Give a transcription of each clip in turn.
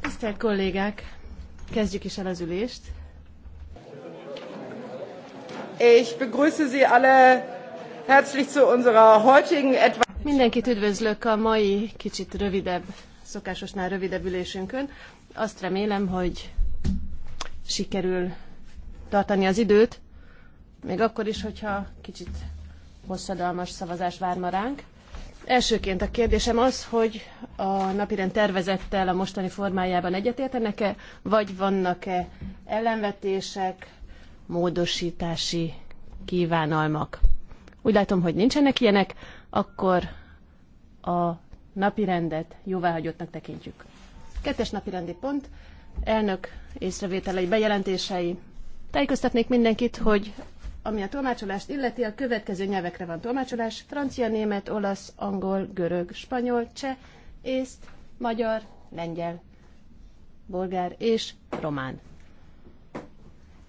Tisztelt kollégák, kezdjük is el az ülést. Ich begrüße Sie alle herzlich zu unserer heutigen etwa Mindenkit üdvözlök a mai kicsit rövidebb, szokásosnál rövidebb ülésünkön. Azt remélem, hogy sikerül tartani az időt, még akkor is, hogyha kicsit hosszadalmas szavazás vár ma ránk. Elsőként a kérdésem az, hogy a napirend tervezettel a mostani formájában egyetértenek-e, vagy vannak-e ellenvetések, módosítási kívánalmak? Úgy látom, hogy nincsenek ilyenek, akkor a napirendet jóváhagyottnak tekintjük. Kettes napirendi pont, elnök észrevételei, bejelentései. Tájékoztatnék mindenkit, hogy ami a tolmácsolást illeti, a következő nyelvekre van tolmácsolás. Francia, német, olasz, angol, görög, spanyol, cseh, észt, magyar, lengyel, bolgár és román.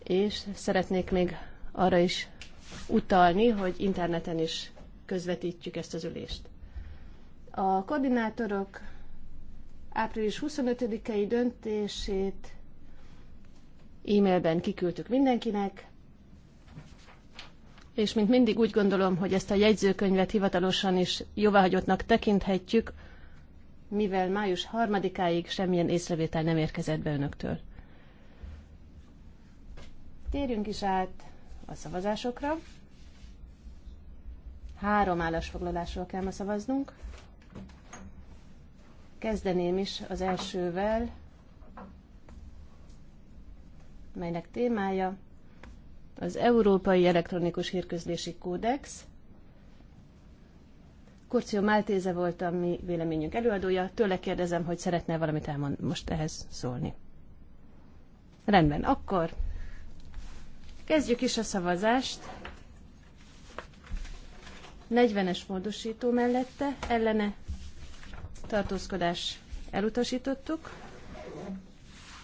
És szeretnék még arra is utalni, hogy interneten is közvetítjük ezt az ülést. A koordinátorok április 25-i döntését e-mailben kiküldtük mindenkinek, és mint mindig úgy gondolom, hogy ezt a jegyzőkönyvet hivatalosan is jóváhagyottnak tekinthetjük, mivel május harmadikáig semmilyen észrevétel nem érkezett be önöktől. Térjünk is át a szavazásokra. Három állásfoglalásról kell ma szavaznunk. Kezdeném is az elsővel, melynek témája az Európai Elektronikus Hírközlési Kódex. Kurcio Máltéze volt a mi véleményünk előadója. Tőle kérdezem, hogy szeretne valamit elmond most ehhez szólni. Rendben, akkor kezdjük is a szavazást. 40-es módosító mellette, ellene tartózkodás elutasítottuk.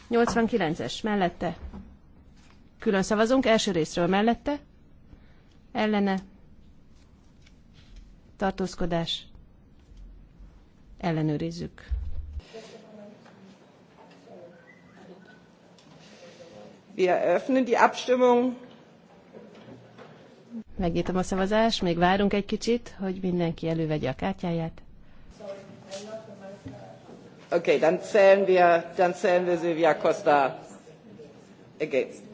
89-es mellette Külön szavazunk, első részről mellette, ellene, tartózkodás, ellenőrizzük. Wir öffnen die Abstimmung. Megnyitom a szavazást, még várunk egy kicsit, hogy mindenki elővegye a kártyáját. Okay, dann zählen wir, dann zählen wir Silvia Costa against.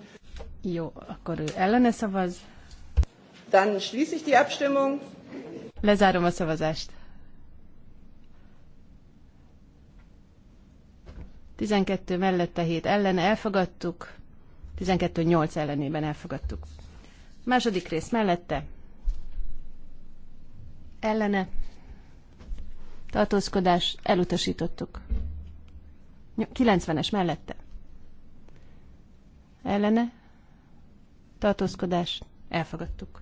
Jó, akkor ő ellene szavaz. Dann schließe ich die Abstimmung. Lezárom a szavazást. 12 mellette 7 ellen elfogadtuk, 12-8 ellenében elfogadtuk. Második rész mellette ellene tartózkodás elutasítottuk. 90-es mellette ellene tartózkodás, elfogadtuk.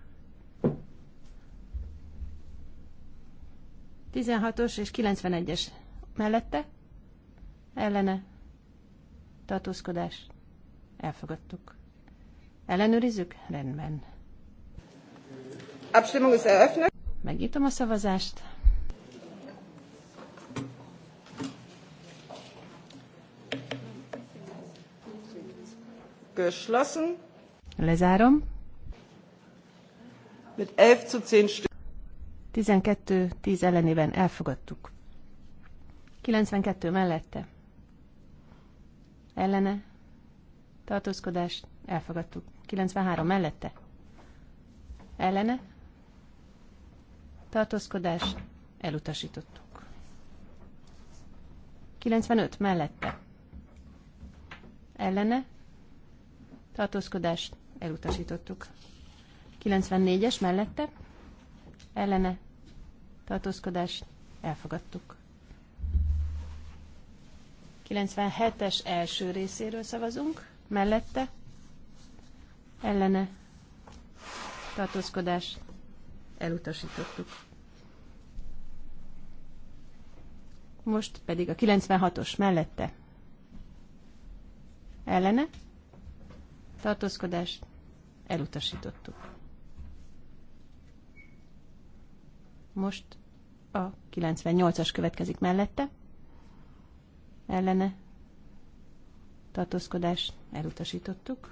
16-os és 91-es mellette, ellene, tartózkodás, elfogadtuk. Ellenőrizzük? Rendben. Abstimmung ist eröffnet. Megnyitom a szavazást. Geschlossen. Lezárom. 12-10 ellenében elfogadtuk. 92 mellette. Ellene. Tartózkodást Elfogadtuk. 93 mellette. Ellene. Tartózkodást Elutasítottuk. 95 mellette. Ellene. Tartózkodást elutasítottuk. 94-es mellette ellene tartózkodást elfogadtuk. 97-es első részéről szavazunk, mellette ellene tartózkodást elutasítottuk. Most pedig a 96-os mellette ellene tartózkodás elutasítottuk. Most a 98-as következik mellette, ellene tartózkodás elutasítottuk.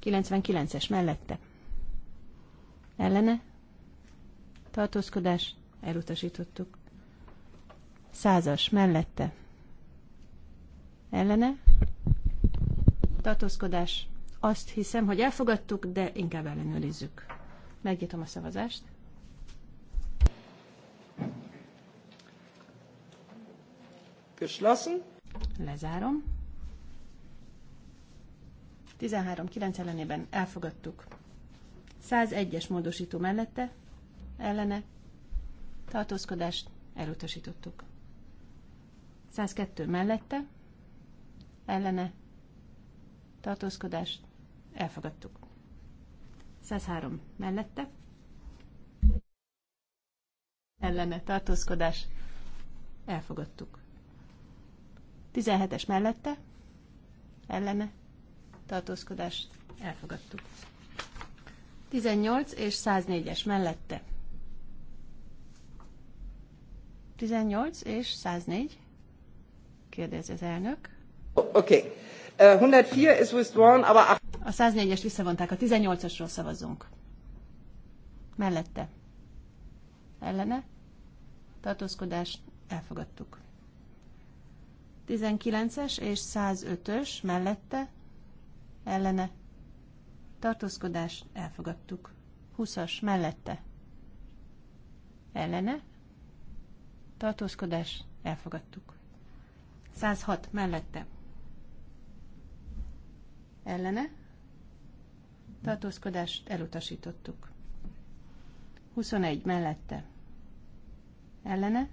99-es mellette, ellene tartózkodás elutasítottuk. 100 100-as mellette, ellene tartózkodás, azt hiszem, hogy elfogadtuk, de inkább ellenőrizzük. Megnyitom a szavazást. Geschlossen. Lezárom. 13.9 ellenében elfogadtuk. 101-es módosító mellette, ellene, tartózkodást elutasítottuk. 102 mellette, ellene, tartózkodás, elfogadtuk. 103 mellette, ellene tartózkodás, elfogadtuk. 17-es mellette, ellene tartózkodás, elfogadtuk. 18 és 104-es mellette. 18 és 104, kérdezi az elnök. Oké. 104 uh, A 104 es visszavonták, a 18-asról szavazunk. Mellette. Ellene. Tartózkodás. Elfogadtuk. 19-es és 105-ös mellette. Ellene. Tartózkodás. Elfogadtuk. 20-as mellette. Ellene. Tartózkodás. Elfogadtuk. 106 mellette ellene, tartózkodást elutasítottuk. 21 mellette, ellene,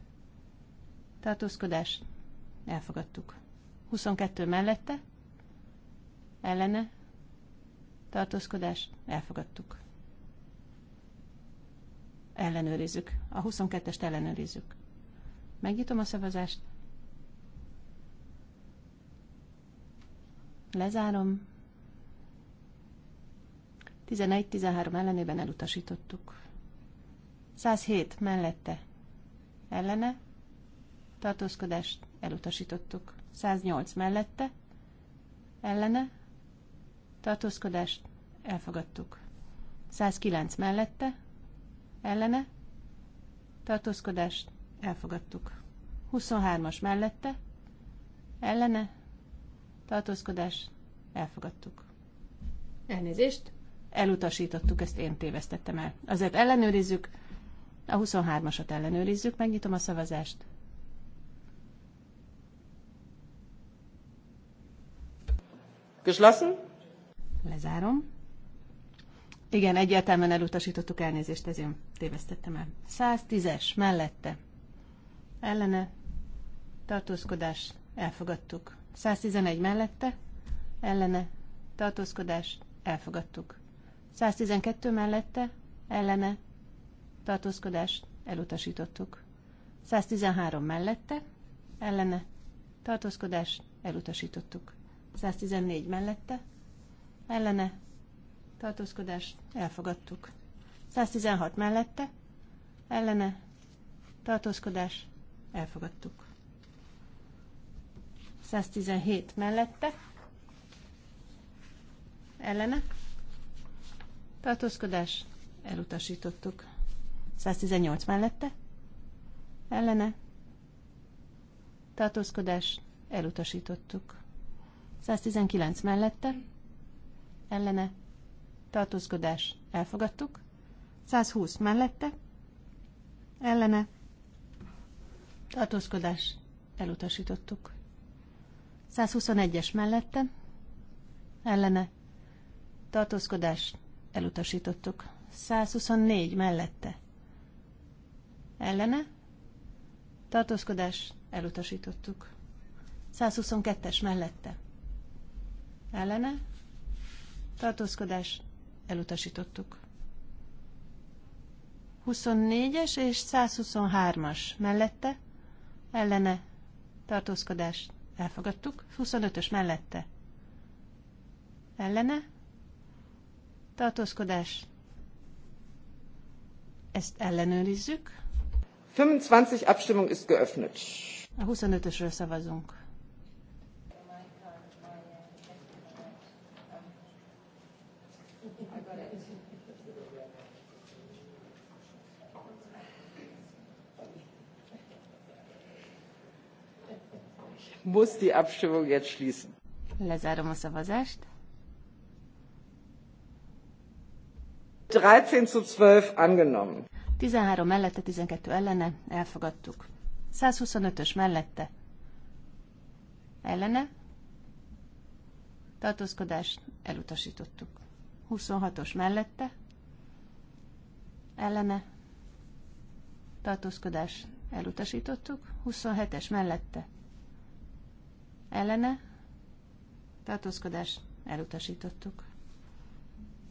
tartózkodást elfogadtuk. 22 mellette, ellene, tartózkodást elfogadtuk. Ellenőrizzük. A 22-est ellenőrizzük. Megnyitom a szavazást. Lezárom. 11-13 ellenében elutasítottuk. 107 mellette ellene, tartózkodást elutasítottuk. 108 mellette ellene, tartózkodást elfogadtuk. 109 mellette ellene, tartózkodást elfogadtuk. 23-as mellette ellene, tartózkodást elfogadtuk. Elnézést, elutasítottuk, ezt én tévesztettem el. Azért ellenőrizzük, a 23-asat ellenőrizzük, megnyitom a szavazást. Geschlossen? Lezárom. Igen, egyértelműen elutasítottuk elnézést, ezért tévesztettem el. 110-es, mellette. Ellene, tartózkodás, elfogadtuk. 111 mellette, ellene, tartózkodás, elfogadtuk. 112 mellette ellene tartózkodást elutasítottuk. 113 mellette ellene tartózkodást elutasítottuk. 114 mellette ellene tartózkodást elfogadtuk. 116 mellette ellene tartózkodás elfogadtuk. 117 mellette ellene Tartózkodás. Elutasítottuk. 118 mellette. Ellene. Tartózkodás. Elutasítottuk. 119 mellette. Ellene. Tartózkodás. Elfogadtuk. 120 mellette. Ellene. Tartózkodás. Elutasítottuk. 121-es mellette. Ellene. Tartózkodás elutasítottuk. 124 mellette. Ellene? Tartózkodás, elutasítottuk. 122-es mellette. Ellene? Tartózkodás, elutasítottuk. 24-es és 123-as mellette. Ellene? Tartózkodás, elfogadtuk. 25-ös mellette. Ellene? tartózkodás. Ezt ellenőrizzük. 25 Abstimmung ist geöffnet. A 25-ösről szavazunk. muss die Abstimmung jetzt schließen. Lezárom a szavazást. 13 zu 12 angenommen. 13 mellette, 12 ellene, elfogadtuk. 125-ös mellette. Ellene. Tartózkodást elutasítottuk. 26-os mellette. Ellene. Tartózkodást elutasítottuk. 27-es mellette. Ellene. Tartózkodást elutasítottuk.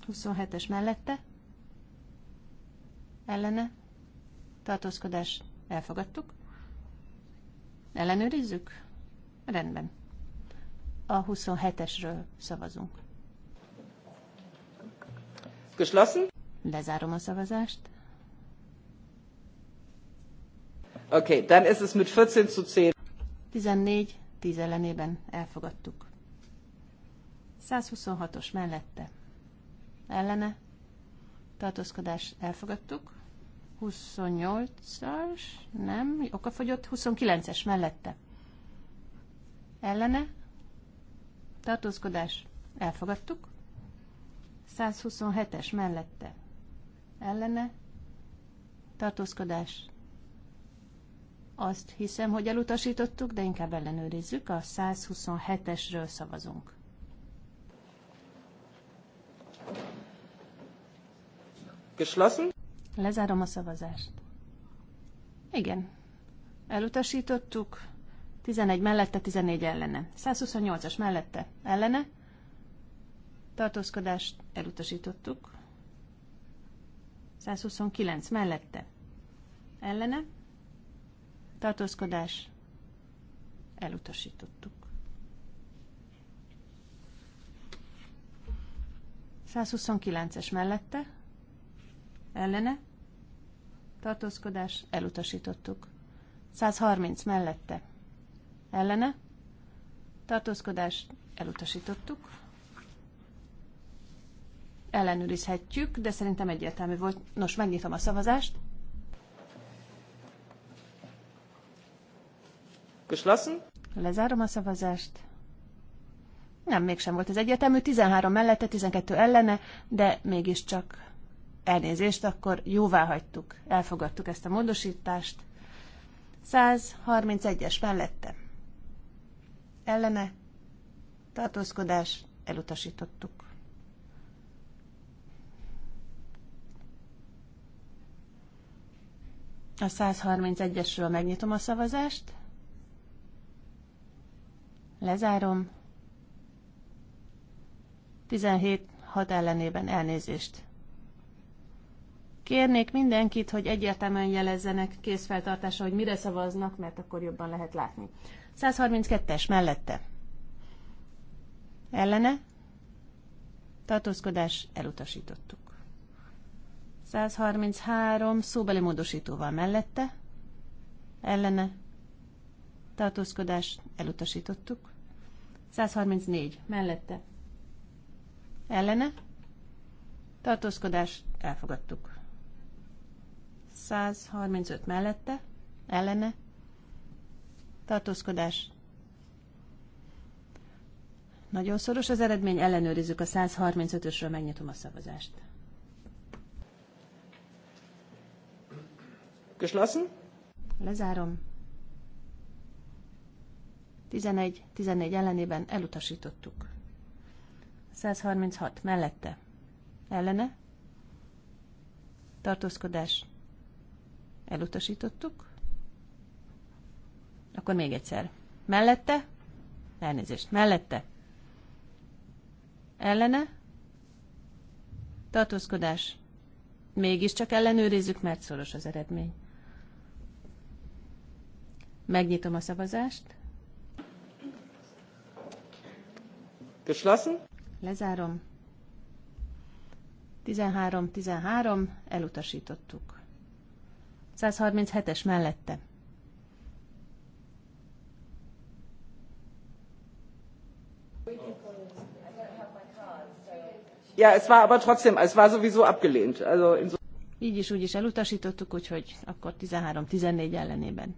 27-es mellette ellene, tartózkodás, elfogadtuk. Ellenőrizzük? Rendben. A 27-esről szavazunk. Geschlossen? Lezárom a szavazást. Okay, dann ist es mit 14 zu 10. 14, 10 ellenében elfogadtuk. 126-os mellette. Ellene. Tartózkodás elfogadtuk. 28-as, nem, okafogyott, 29-es mellette. Ellene, tartózkodás, elfogadtuk. 127-es mellette. Ellene, tartózkodás, azt hiszem, hogy elutasítottuk, de inkább ellenőrizzük, a 127-esről szavazunk. Geschlossen? Lezárom a szavazást. Igen. Elutasítottuk. 11 mellette, 14 ellene. 128-as mellette, ellene. Tartózkodást elutasítottuk. 129 mellette, ellene. Tartózkodás elutasítottuk. 129-es mellette, ellene, tartózkodás, elutasítottuk. 130 mellette, ellene, tartózkodás, elutasítottuk. Ellenőrizhetjük, de szerintem egyértelmű volt. Nos, megnyitom a szavazást. Geschlossen? Lezárom a szavazást. Nem, mégsem volt ez egyetemű. 13 mellette, 12 ellene, de mégiscsak elnézést, akkor jóvá hagytuk, elfogadtuk ezt a módosítást. 131-es mellette. Ellene tartózkodás elutasítottuk. A 131-esről megnyitom a szavazást. Lezárom. 17 hat ellenében elnézést. Kérnék mindenkit, hogy egyértelműen jelezzenek készfeltartásra, hogy mire szavaznak, mert akkor jobban lehet látni. 132-es mellette. Ellene? Tartózkodás elutasítottuk. 133 szóbeli módosítóval mellette. Ellene? Tartózkodás elutasítottuk. 134 mellette. Ellene? Tartózkodás elfogadtuk. 135 mellette, ellene, tartózkodás. Nagyon szoros az eredmény, ellenőrizzük a 135-ösről, megnyitom a szavazást. Geschlossen? Lezárom. 11-14 ellenében elutasítottuk. 136 mellette. Ellene? Tartózkodás. Elutasítottuk. Akkor még egyszer. Mellette? Elnézést. Mellette? Ellene? Tartózkodás. Mégiscsak ellenőrizzük, mert szoros az eredmény. Megnyitom a szavazást. Geschlossen? Lezárom. 13-13, elutasítottuk. 137-es mellette. Ja, es war aber trotzdem, es war sowieso abgelehnt. Also in so Így is úgy is elutasítottuk, úgyhogy akkor 13-14 ellenében.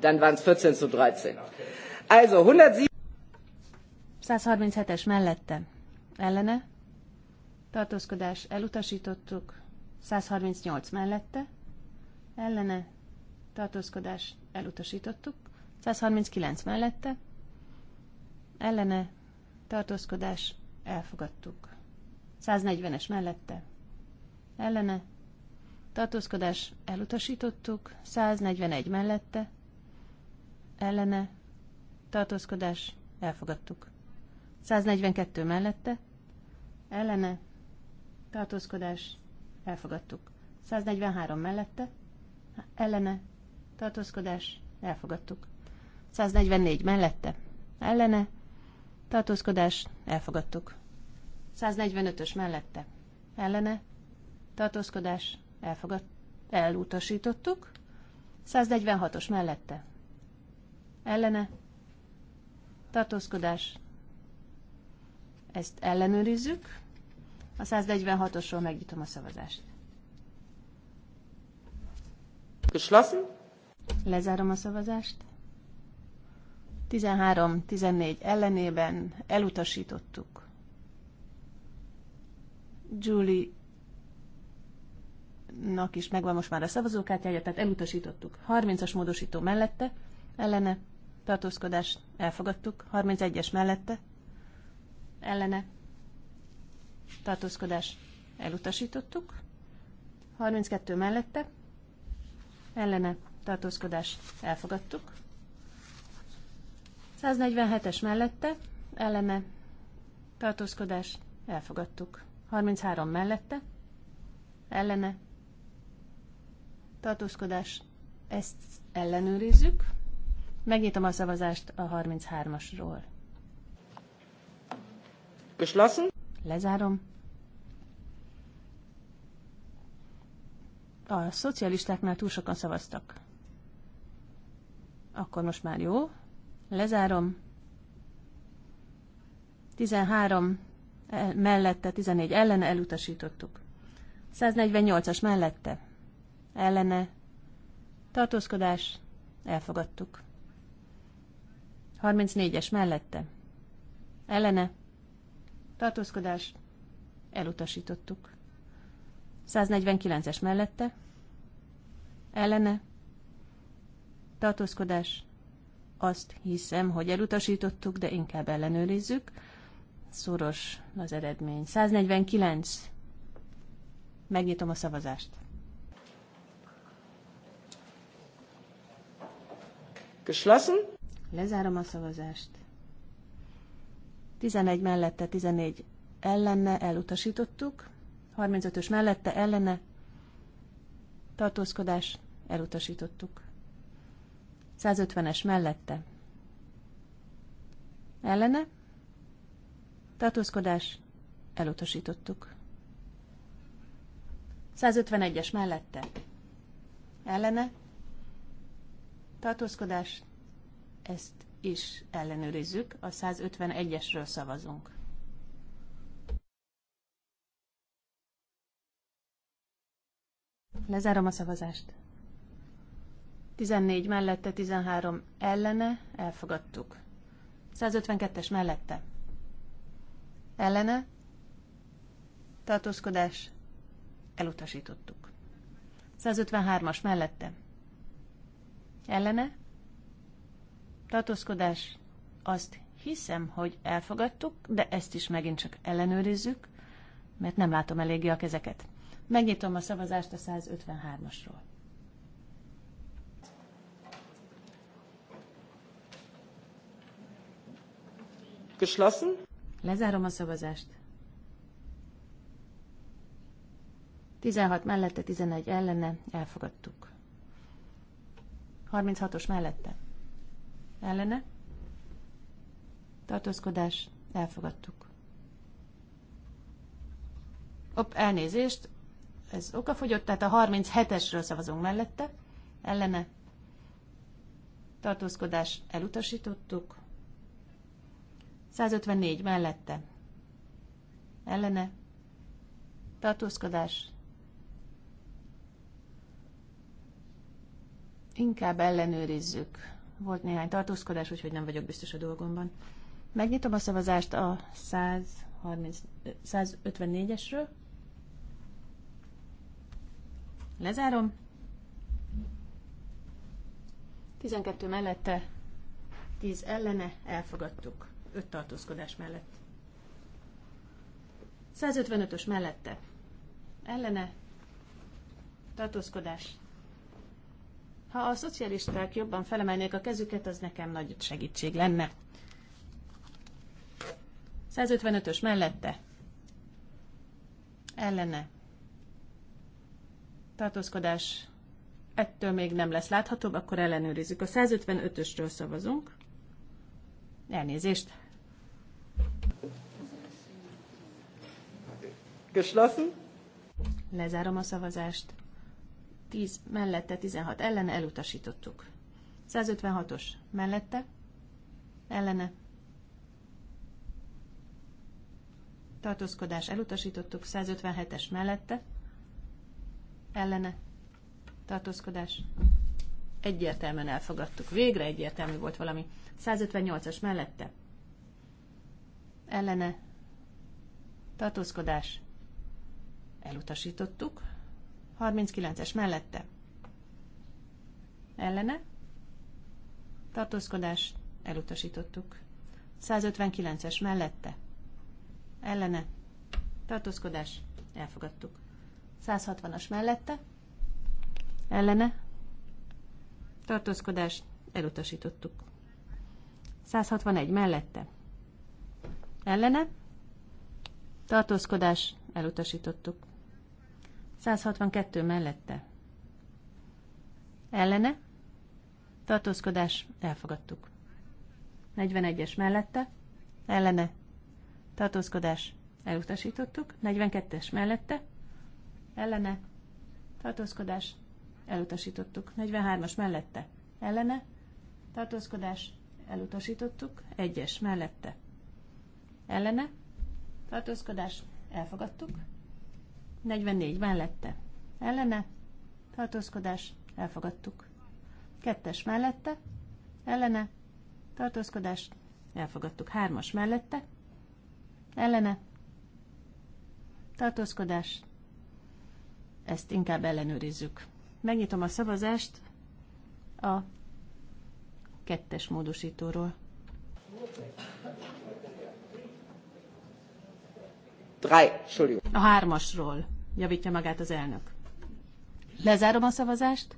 Dann waren es 14 zu 13. Also 107. 137-es mellette ellene tartózkodás elutasítottuk, 138 mellette ellene tartózkodás elutasítottuk, 139 mellette ellene tartózkodás elfogadtuk, 140-es mellette ellene tartózkodás elutasítottuk, 141 mellette ellene tartózkodás elfogadtuk. 142 mellette, ellene, tartózkodás, elfogadtuk. 143 mellette, ellene, tartózkodás, elfogadtuk. 144 mellette, ellene, tartózkodás, elfogadtuk. 145-ös mellette, ellene, tartózkodás, elfogad, elutasítottuk. 146-os mellette, ellene, tartózkodás, ezt ellenőrizzük. A 146-osról megnyitom a szavazást. Geschlossen. Lezárom a szavazást. 13-14 ellenében elutasítottuk. Julie nak is megvan most már a szavazókártyája, tehát elutasítottuk. 30-as módosító mellette, ellene, tartózkodást elfogadtuk. 31-es mellette, ellene tartózkodás elutasítottuk, 32 mellette ellene tartózkodás elfogadtuk, 147-es mellette ellene tartózkodás elfogadtuk, 33 mellette ellene tartózkodás ezt ellenőrizzük, megnyitom a szavazást a 33-asról. Geschlossen. Lezárom. A szocialistáknál túl sokan szavaztak. Akkor most már jó. Lezárom. 13 e, mellette, 14 ellene elutasítottuk. 148-as mellette. Ellene. Tartózkodás. Elfogadtuk. 34-es mellette. Ellene tartózkodás, elutasítottuk. 149-es mellette, ellene, tartózkodás, azt hiszem, hogy elutasítottuk, de inkább ellenőrizzük. Szoros az eredmény. 149. Megnyitom a szavazást. Geschlossen? Lezárom a szavazást. 11 mellette, 14 ellenne elutasítottuk. 35-ös mellette, ellene tartózkodás elutasítottuk. 150-es mellette. Ellene tartózkodás elutasítottuk. 151-es mellette. Ellene tartózkodás ezt is ellenőrizzük, a 151-esről szavazunk. Lezárom a szavazást. 14 mellette, 13 ellene, elfogadtuk. 152-es mellette. Ellene, tartózkodás, elutasítottuk. 153-as mellette. Ellene, tartózkodás, azt hiszem, hogy elfogadtuk, de ezt is megint csak ellenőrizzük, mert nem látom eléggé a kezeket. Megnyitom a szavazást a 153-asról. Geschlossen? Lezárom a szavazást. 16 mellette, 11 ellene, elfogadtuk. 36-os mellette ellene, tartózkodás, elfogadtuk. Op, elnézést, ez okafogyott, tehát a 37-esről szavazunk mellette, ellene, tartózkodás, elutasítottuk. 154 mellette, ellene, tartózkodás, inkább ellenőrizzük. Volt néhány tartózkodás, úgyhogy nem vagyok biztos a dolgomban. Megnyitom a szavazást a 154-esről. Lezárom. 12 mellette, 10 ellene, elfogadtuk. 5 tartózkodás mellett. 155-ös mellette, ellene, tartózkodás, ha a szocialisták jobban felemelnék a kezüket, az nekem nagy segítség lenne. 155-ös mellette. Ellene. Tartózkodás ettől még nem lesz láthatóbb, akkor ellenőrizzük. A 155-ösről szavazunk. Elnézést. Geschlossen. Lezárom a szavazást. 10 mellette, 16 ellene elutasítottuk. 156-os mellette, ellene. Tartózkodás elutasítottuk, 157-es mellette, ellene. Tartózkodás egyértelműen elfogadtuk. Végre egyértelmű volt valami. 158-as mellette. Ellene. Tartózkodás. Elutasítottuk. 39-es mellette. Ellene. Tartózkodás. Elutasítottuk. 159-es mellette. Ellene. Tartózkodás. Elfogadtuk. 160-as mellette. Ellene. Tartózkodás. Elutasítottuk. 161 mellette. Ellene. Tartózkodás. Elutasítottuk. 162 mellette. Ellene. Tartózkodás. Elfogadtuk. 41-es mellette. Ellene. Tartózkodás. Elutasítottuk. 42-es mellette. Ellene. Tartózkodás. Elutasítottuk. 43-as mellette. Ellene. Tartózkodás. Elutasítottuk. 1-es mellette. Ellene. Tartózkodás. Elfogadtuk. 44 mellette. Ellene. Tartózkodás. Elfogadtuk. Kettes mellette. Ellene. Tartózkodás. Elfogadtuk. Hármas mellette. Ellene. Tartózkodás. Ezt inkább ellenőrizzük. Megnyitom a szavazást a kettes módosítóról. Drei, Entschuldigung. A hármasról javítja magát az elnök. Lezárom a szavazást.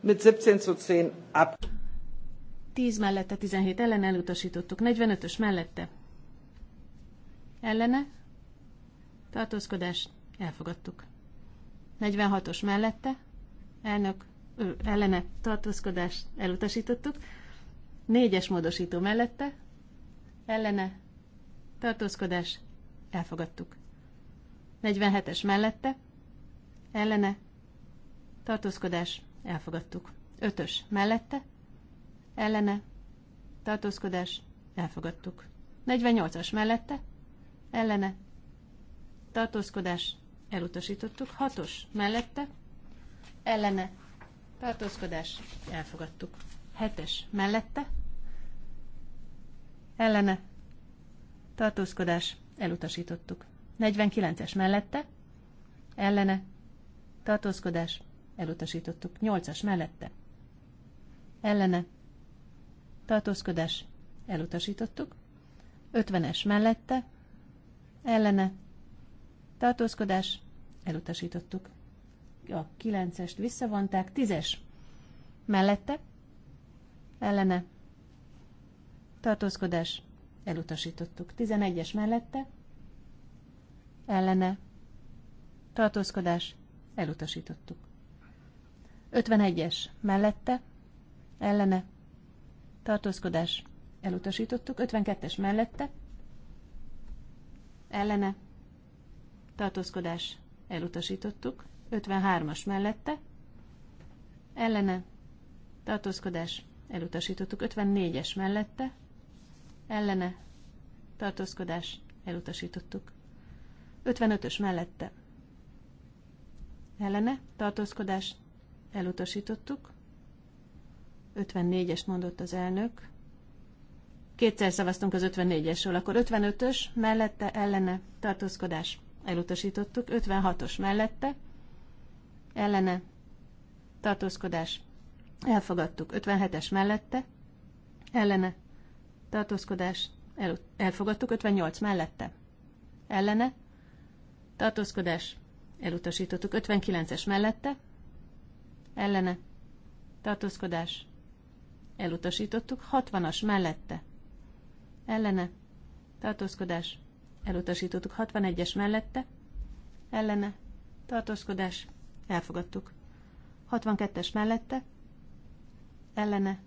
Mit 17 zu 10 ab. 10 mellette, 17 ellen elutasítottuk. 45-ös mellette. Ellene. Tartózkodás. Elfogadtuk. 46-os mellette. Elnök. Ö, ellene. Tartózkodás. Elutasítottuk. 4-es módosító mellette. Ellene. Tartózkodás. Elfogadtuk. 47-es mellette, ellene, tartózkodás, elfogadtuk. 5-ös mellette, ellene, tartózkodás, elfogadtuk. 48-as mellette, ellene, tartózkodás, elutasítottuk. 6-os mellette, ellene, tartózkodás, elfogadtuk. 7-es mellette, ellene, tartózkodás, elutasítottuk. 49-es mellette, ellene, tartózkodás, elutasítottuk. 8-as mellette, ellene, tartózkodás, elutasítottuk. 50-es mellette, ellene, tartózkodás, elutasítottuk. A 9-est visszavonták, 10-es mellette, ellene, tartózkodás, elutasítottuk. 11-es mellette, ellene, tartózkodás, elutasítottuk. 51-es mellette, ellene, tartózkodás, elutasítottuk. 52-es mellette, ellene, tartózkodás, elutasítottuk. 53-as mellette, ellene, tartózkodás, elutasítottuk. 54-es mellette, ellene tartózkodás elutasítottuk. 55-ös mellette ellene tartózkodás elutasítottuk. 54-es mondott az elnök. Kétszer szavaztunk az 54-esről, akkor 55-ös mellette ellene tartózkodás elutasítottuk, 56-os mellette ellene tartózkodás elfogadtuk, 57-es mellette ellene tartózkodás, el, elfogadtuk 58 mellette. Ellene, tartózkodás, elutasítottuk 59-es mellette. Ellene, tartózkodás, elutasítottuk 60-as mellette. Ellene, tartózkodás, elutasítottuk 61-es mellette. Ellene, tartózkodás, elfogadtuk. 62-es mellette, ellene,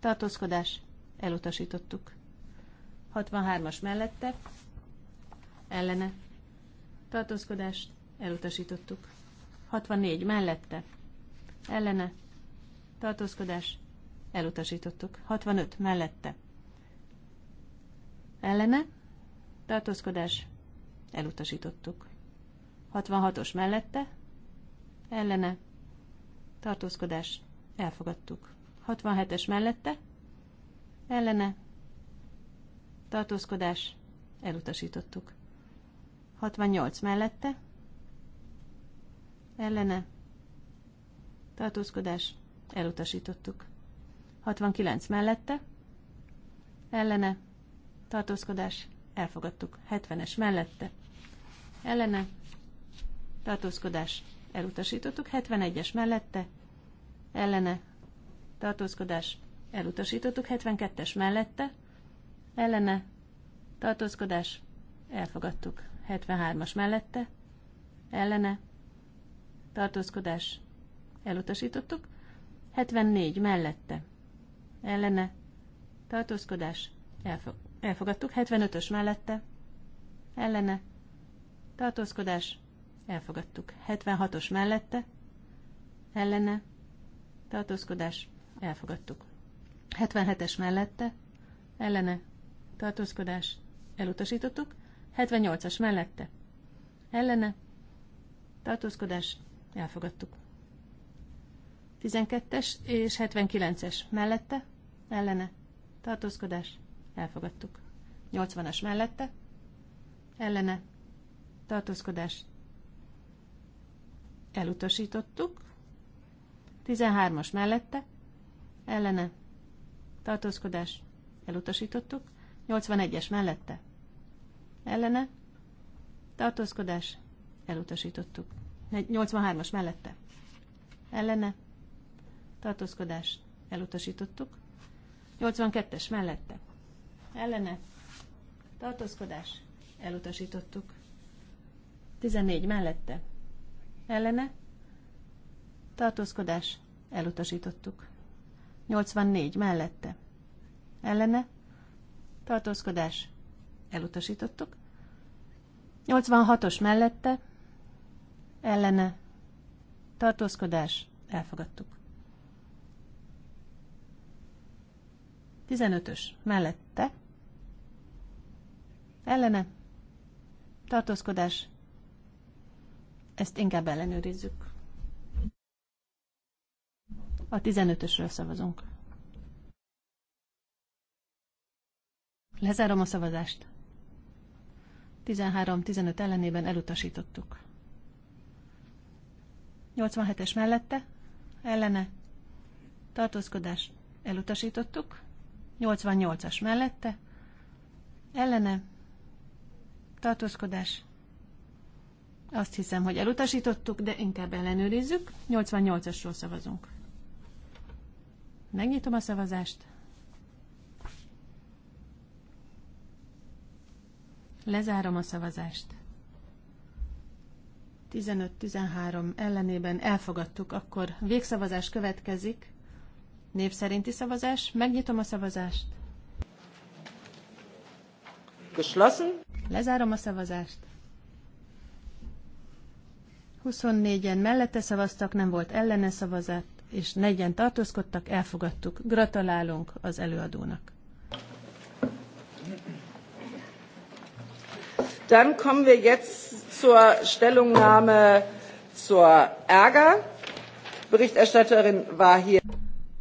tartózkodás, elutasítottuk. 63-as mellette, ellene, tartózkodás, elutasítottuk. 64 mellette, ellene, tartózkodás, elutasítottuk. 65 mellette, ellene, tartózkodás, elutasítottuk. 66-os mellette, ellene, tartózkodás, elfogadtuk. 67-es mellette, ellene tartózkodás elutasítottuk. 68 mellette ellene tartózkodás elutasítottuk. 69 mellette ellene tartózkodás elfogadtuk. 70-es mellette ellene tartózkodás elutasítottuk. 71-es mellette ellene tartózkodás elutasítottuk, 72-es mellette, ellene, tartózkodás, elfogadtuk, 73-as mellette, ellene, tartózkodás, elutasítottuk, 74 mellette, ellene, tartózkodás, elfog, elfogadtuk, 75-ös mellette, ellene, tartózkodás, elfogadtuk, 76-os mellette, ellene, tartózkodás, elfogadtuk. 77-es mellette, ellene, tartózkodás, elutasítottuk. 78-as mellette, ellene, tartózkodás, elfogadtuk. 12-es és 79-es mellette, ellene, tartózkodás, elfogadtuk. 80-as mellette, ellene, tartózkodás, elutasítottuk. 13-as mellette, ellene, tartózkodás, elutasítottuk. 81-es mellette, ellene, tartózkodás, elutasítottuk. 83-as mellette, ellene, tartózkodás, elutasítottuk. 82-es mellette, ellene, tartózkodás, elutasítottuk. 14 mellette, ellene, tartózkodás, elutasítottuk. 84 mellette. Ellene. Tartózkodás. Elutasítottuk. 86-os mellette. Ellene. Tartózkodás. Elfogadtuk. 15-ös mellette. Ellene. Tartózkodás. Ezt inkább ellenőrizzük. A 15-ösről szavazunk. Lezárom a szavazást. 13-15 ellenében elutasítottuk. 87-es mellette, ellene, tartózkodás, elutasítottuk. 88-as mellette, ellene, tartózkodás, azt hiszem, hogy elutasítottuk, de inkább ellenőrizzük. 88-asról szavazunk. Megnyitom a szavazást. Lezárom a szavazást. 15-13 ellenében elfogadtuk, akkor végszavazás következik. Név szerinti szavazás. Megnyitom a szavazást. Geschlossen. Lezárom a szavazást. 24-en mellette szavaztak, nem volt ellene szavazat, és negyen tartózkodtak, elfogadtuk. Gratulálunk az előadónak. Dann kommen wir jetzt zur Stellungnahme zur Ärger. Berichterstatterin war hier.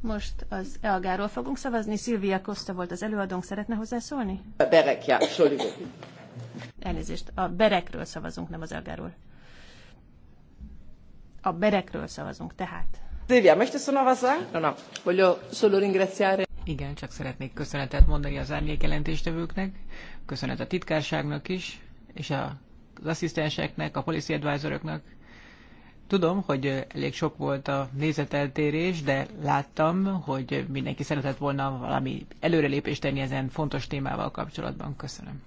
Most az elgáról fogunk szavazni. Szilvia Costa volt az előadónk. Szeretne hozzászólni? A berek, ja, Entschuldigung. Elnézést, a berekről szavazunk, nem az elgáról. A berekről szavazunk, tehát. Silvia, möchtest du noch was sagen? No, no. Voglio solo ringraziare. Igen, csak szeretnék köszönetet mondani az árnyék jelentéstevőknek, köszönet a titkárságnak is, és a, az asszisztenseknek, a policy advisoroknak. Tudom, hogy elég sok volt a nézeteltérés, de láttam, hogy mindenki szeretett volna valami előrelépést tenni ezen fontos témával kapcsolatban. Köszönöm.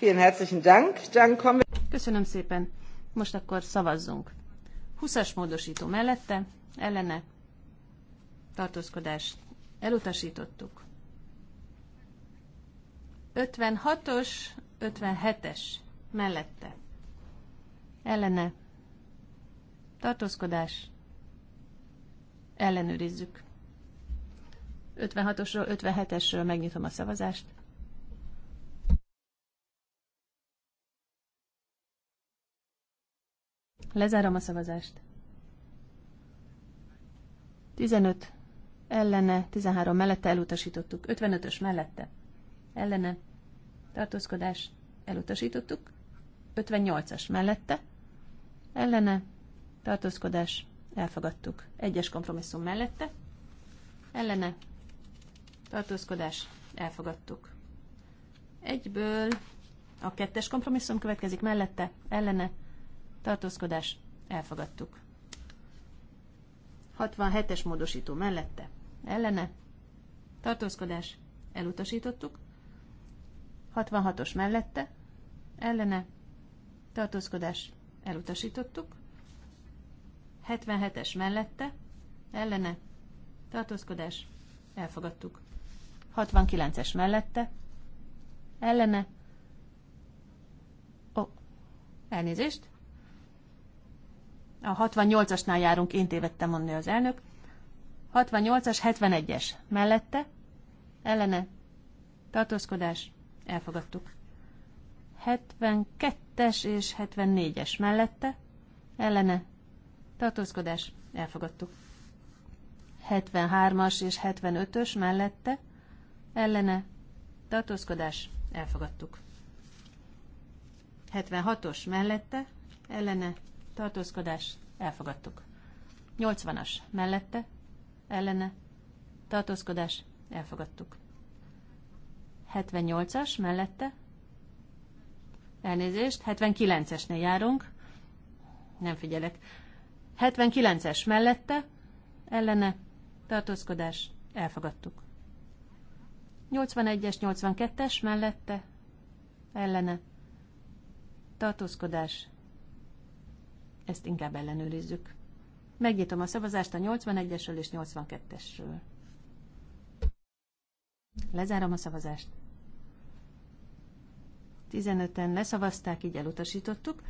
Vielen herzlichen Dank. Dank kommen Köszönöm szépen. Most akkor szavazzunk. 20-as módosító mellette, ellene tartózkodást elutasítottuk. 56-os, 57-es mellette ellene tartózkodás ellenőrizzük. 56-osról, 57-esről megnyitom a szavazást. Lezárom a szavazást. 15 ellene, 13 mellette elutasítottuk, 55-ös mellette ellene, tartózkodás elutasítottuk, 58-as mellette ellene, tartózkodás elfogadtuk, egyes kompromisszum mellette ellene, tartózkodás elfogadtuk. Egyből a kettes kompromisszum következik mellette, ellene, tartózkodás elfogadtuk. 67-es módosító mellette. Ellene. Tartózkodás. Elutasítottuk. 66-os mellette. Ellene. Tartózkodás. Elutasítottuk. 77-es mellette. Ellene. Tartózkodás. Elfogadtuk. 69-es mellette. Ellene. Ó, elnézést. A 68-asnál járunk, én tévedtem mondani az elnök. 68-as, 71-es. Mellette? Ellene? Tartózkodás? Elfogadtuk. 72-es és 74-es. Mellette? Ellene? Tartózkodás? Elfogadtuk. 73-as és 75-ös mellette, ellene, tartózkodás, elfogadtuk. 76-os mellette, ellene, tartózkodás, elfogadtuk. 80-as mellette, ellene, tartózkodás, elfogadtuk. 78-as mellette, elnézést, 79-esnél járunk, nem figyelek. 79-es mellette, ellene, tartózkodás, elfogadtuk. 81-es, 82-es mellette, ellene, tartózkodás, ezt inkább ellenőrizzük. Megnyitom a szavazást a 81-esről és 82-esről. Lezárom a szavazást. 15-en leszavazták, így elutasítottuk.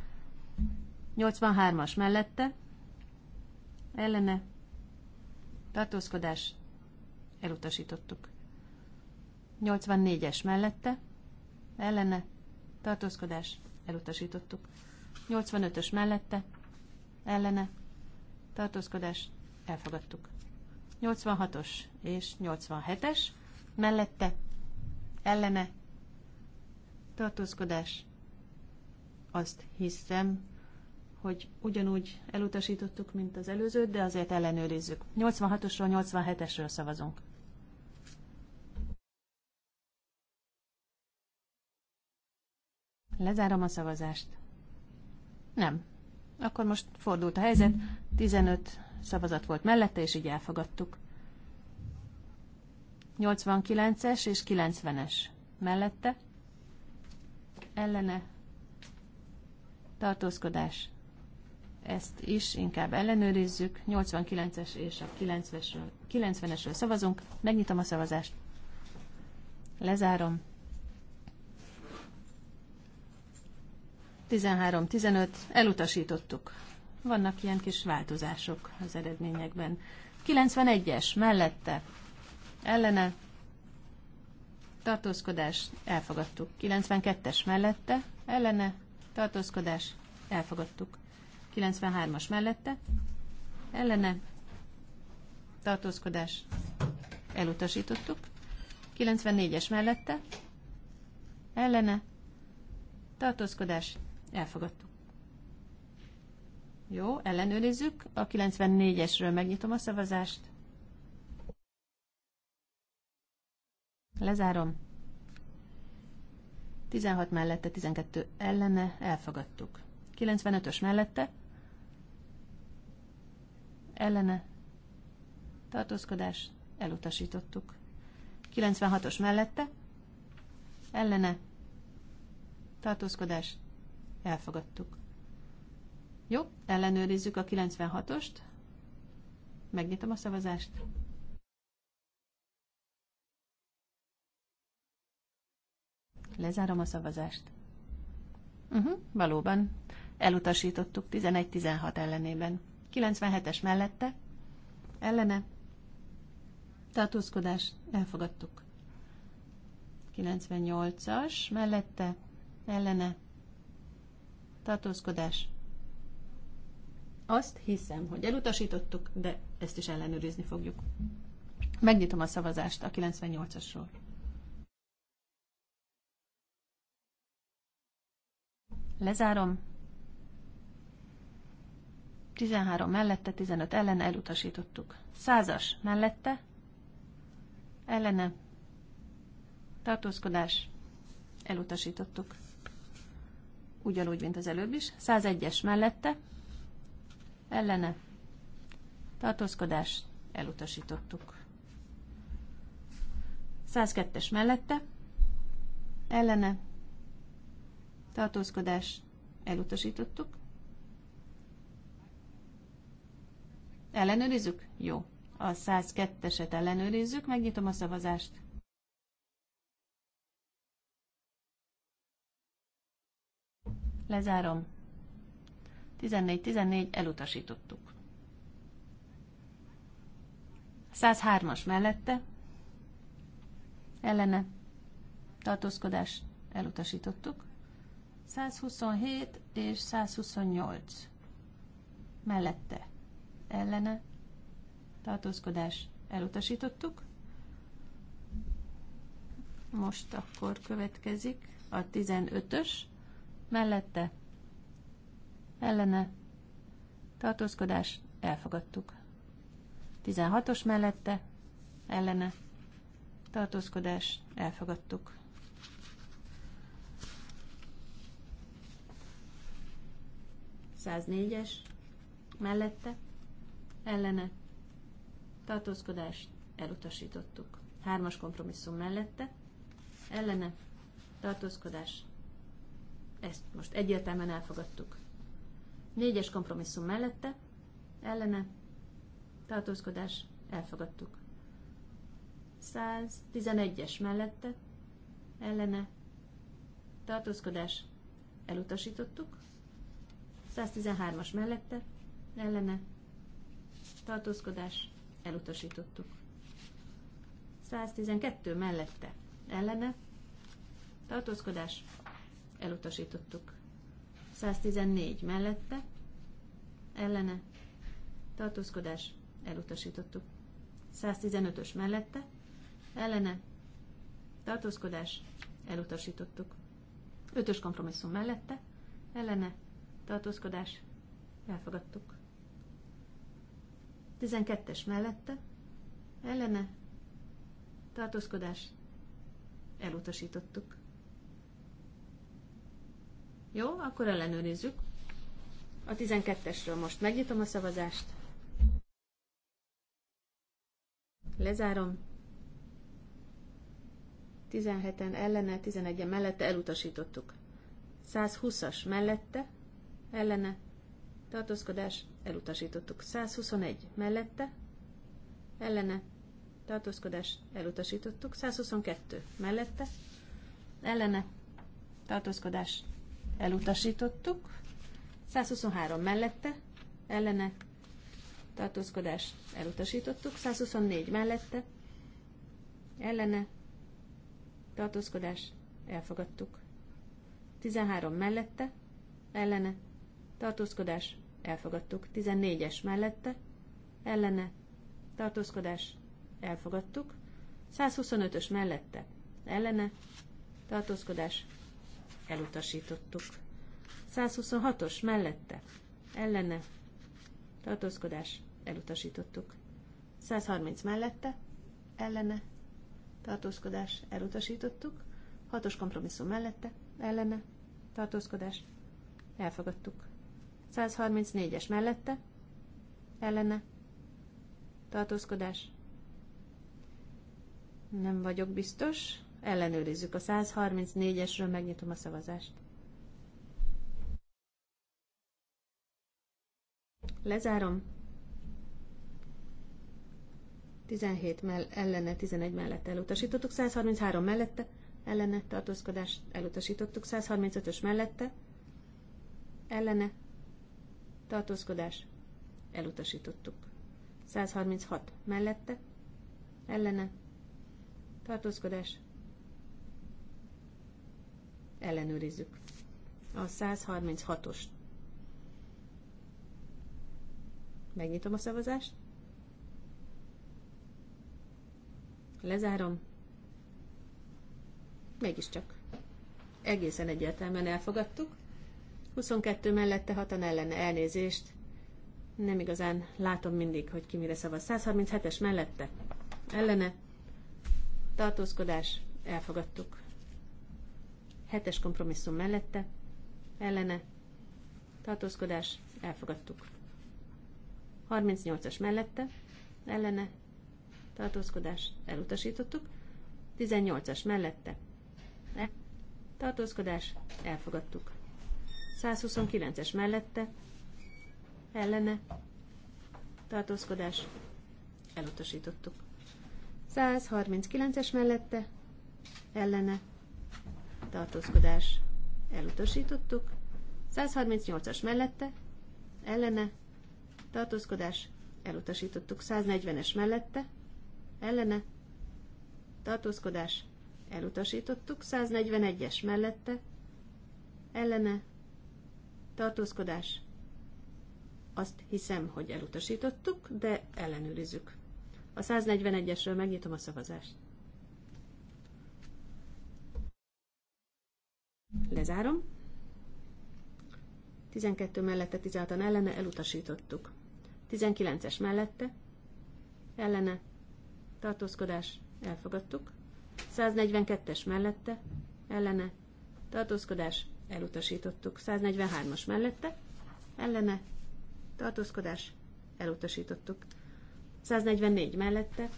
83-as mellette, ellene, tartózkodás, elutasítottuk. 84-es mellette, ellene, tartózkodás, elutasítottuk. 85-ös mellette, ellene tartózkodás elfogadtuk. 86-os és 87-es mellette ellene tartózkodás azt hiszem, hogy ugyanúgy elutasítottuk, mint az előzőt, de azért ellenőrizzük. 86-osról 87-esről szavazunk. Lezárom a szavazást. Nem, akkor most fordult a helyzet, 15 szavazat volt mellette, és így elfogadtuk. 89-es és 90-es mellette, ellene, tartózkodás. Ezt is inkább ellenőrizzük. 89-es és a 90-esről 90 szavazunk. Megnyitom a szavazást. Lezárom. 13-15, elutasítottuk. Vannak ilyen kis változások az eredményekben. 91-es, mellette, ellene, tartózkodás, elfogadtuk. 92-es mellette, ellene, tartózkodás, elfogadtuk. 93-as mellette, ellene, tartózkodás, elutasítottuk. 94-es mellette, ellene, tartózkodás, Elfogadtuk. Jó, ellenőrizzük. A 94-esről megnyitom a szavazást. Lezárom. 16 mellette, 12 ellene, elfogadtuk. 95-ös mellette, ellene, tartózkodás, elutasítottuk. 96-os mellette, ellene, tartózkodás, Elfogadtuk. Jó, ellenőrizzük a 96-ost. Megnyitom a szavazást. Lezárom a szavazást. Uh-huh, valóban. Elutasítottuk 11-16 ellenében. 97-es mellette. Ellene. Tartózkodás. Elfogadtuk. 98-as mellette. Ellene tartózkodás. Azt hiszem, hogy elutasítottuk, de ezt is ellenőrizni fogjuk. Megnyitom a szavazást a 98-asról. Lezárom. 13 mellette, 15 ellen elutasítottuk. Százas mellette, ellene, tartózkodás, elutasítottuk ugyanúgy, mint az előbb is. 101-es mellette, ellene, tartózkodás, elutasítottuk. 102-es mellette, ellene, tartózkodás, elutasítottuk. Ellenőrizzük? Jó. A 102-eset ellenőrizzük, megnyitom a szavazást. Lezárom. 14-14 elutasítottuk. 103-as mellette. Ellene. Tartózkodás elutasítottuk. 127 és 128 mellette. Ellene. Tartózkodás elutasítottuk. Most akkor következik a 15-ös mellette, ellene, tartózkodás, elfogadtuk. 16-os mellette, ellene, tartózkodás, elfogadtuk. Száznégyes, mellette, ellene, tartózkodás, elutasítottuk. Hármas kompromisszum mellette, ellene, tartózkodás, ezt most egyértelműen elfogadtuk. Négyes kompromisszum mellette, ellene, tartózkodás, elfogadtuk. 111-es mellette, ellene, tartózkodás, elutasítottuk. 113-as mellette, ellene, tartózkodás, elutasítottuk. 112 mellette, ellene, tartózkodás, elutasítottuk. 114 mellette, ellene, tartózkodás, elutasítottuk. 115-ös mellette, ellene, tartózkodás, elutasítottuk. 5-ös kompromisszum mellette, ellene, tartózkodás, elfogadtuk. 12-es mellette, ellene, tartózkodás, elutasítottuk. Jó, akkor ellenőrizzük. A 12-esről most megnyitom a szavazást. Lezárom. 17-en ellene, 11-en mellette elutasítottuk. 120-as mellette, ellene, tartózkodás, elutasítottuk. 121 mellette, ellene, tartózkodás, elutasítottuk. 122 mellette, ellene, tartózkodás, elutasítottuk. 123 mellette, ellene tartózkodás elutasítottuk. 124 mellette, ellene tartózkodás elfogadtuk. 13 mellette, ellene tartózkodás elfogadtuk. 14-es mellette, ellene tartózkodás elfogadtuk. 125-ös mellette, ellene tartózkodás elutasítottuk. 126-os mellette, ellene, tartózkodás, elutasítottuk. 130 mellette, ellene, tartózkodás, elutasítottuk. 6-os kompromisszum mellette, ellene, tartózkodás, elfogadtuk. 134-es mellette, ellene, tartózkodás, nem vagyok biztos ellenőrizzük a 134-esről, megnyitom a szavazást. Lezárom. 17 mell ellene, 11 mellett elutasítottuk, 133 mellette ellene tartózkodást elutasítottuk, 135-ös mellette ellene tartózkodás elutasítottuk. 136 mellette ellene tartózkodás ellenőrizzük. A 136-os. Megnyitom a szavazást. Lezárom. Mégiscsak. Egészen egyértelműen elfogadtuk. 22 mellette 6 ellene elnézést. Nem igazán látom mindig, hogy ki mire szavaz. 137-es mellette ellene. Tartózkodás. Elfogadtuk. Hetes kompromisszum mellette, ellene, tartózkodás, elfogadtuk. 38-as mellette, ellene, tartózkodás, elutasítottuk. 18-as mellette, ne, tartózkodás, elfogadtuk. 129-es mellette, ellene, tartózkodás, elutasítottuk. 139-es mellette, ellene, tartózkodás elutasítottuk. 138-as mellette, ellene, tartózkodás elutasítottuk. 140-es mellette, ellene, tartózkodás elutasítottuk. 141-es mellette, ellene, tartózkodás azt hiszem, hogy elutasítottuk, de ellenőrizzük. A 141-esről megnyitom a szavazást. Lezárom. 12 mellette, 16 ellene elutasítottuk. 19-es mellette, ellene, tartózkodás, elfogadtuk. 142-es mellette, ellene, tartózkodás, elutasítottuk. 143-as mellette, ellene, tartózkodás, elutasítottuk. 144 mellette,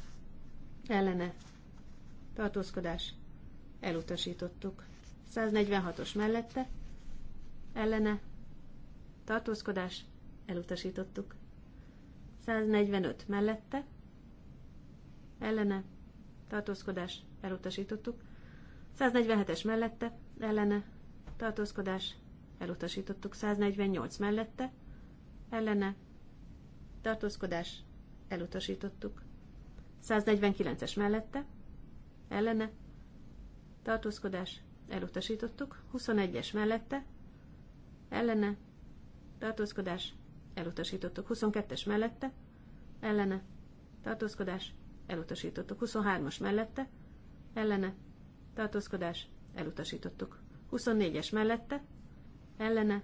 ellene, tartózkodás, elutasítottuk. 146-os mellette, ellene, tartózkodás, elutasítottuk. 145 mellette, ellene, tartózkodás, elutasítottuk. 147-es mellette, ellene, tartózkodás, elutasítottuk. 148 mellette, ellene, tartózkodás, elutasítottuk. 149-es mellette, ellene, tartózkodás, elutasítottuk. 21-es mellette, ellene, tartózkodás, elutasítottuk. 22-es mellette, ellene, tartózkodás, elutasítottuk. 23-as mellette, ellene, tartózkodás, elutasítottuk. 24-es mellette, ellene,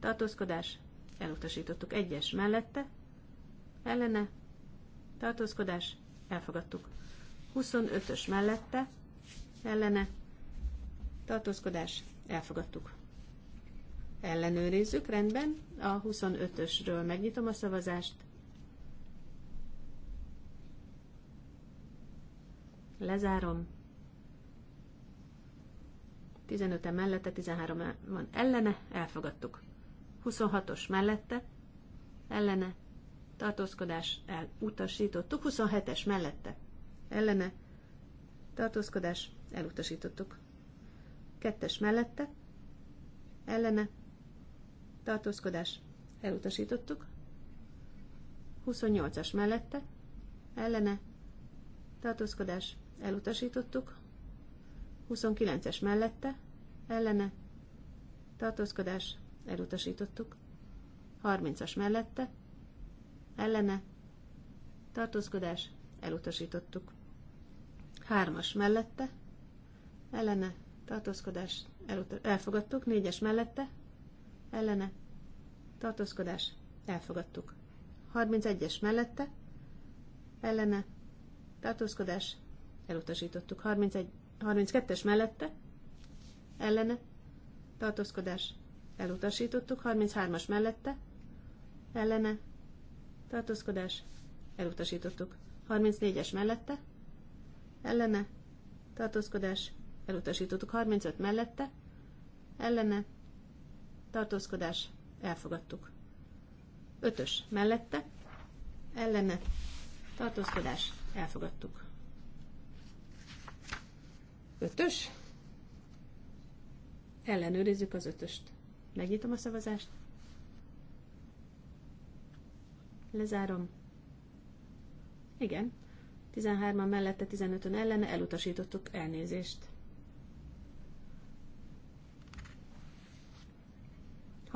tartózkodás, elutasítottuk. 1-es mellette, ellene, tartózkodás, elfogadtuk. 25-ös mellette, ellene, tartózkodás, elfogadtuk. Ellenőrizzük, rendben. A 25-ösről megnyitom a szavazást. Lezárom. 15 e mellette, 13 van ellene, elfogadtuk. 26-os mellette, ellene, tartózkodás, elutasítottuk. 27-es mellette, ellene, tartózkodás, elutasítottuk. Kettes mellette, ellene, tartózkodás, elutasítottuk. 28-as mellette, ellene, tartózkodás, elutasítottuk. 29-es mellette, ellene, tartózkodás, elutasítottuk. 30-as mellette, ellene, tartózkodás, elutasítottuk. 3-as mellette, ellene, tartózkodás elfogadtuk, négyes mellette, ellene, tartózkodás elfogadtuk. 31-es mellette, ellene, tartózkodás elutasítottuk. 31, 32-es mellette, ellene, tartózkodás elutasítottuk. 33-as mellette, ellene, tartózkodás elutasítottuk. 34-es mellette, ellene, tartózkodás elutasítottuk 35 mellette, ellene, tartózkodás, elfogadtuk. 5-ös mellette, ellene, tartózkodás, elfogadtuk. 5-ös, ellenőrizzük az 5-öst. Megnyitom a szavazást, lezárom. Igen, 13-an mellette, 15-ön ellene elutasítottuk elnézést.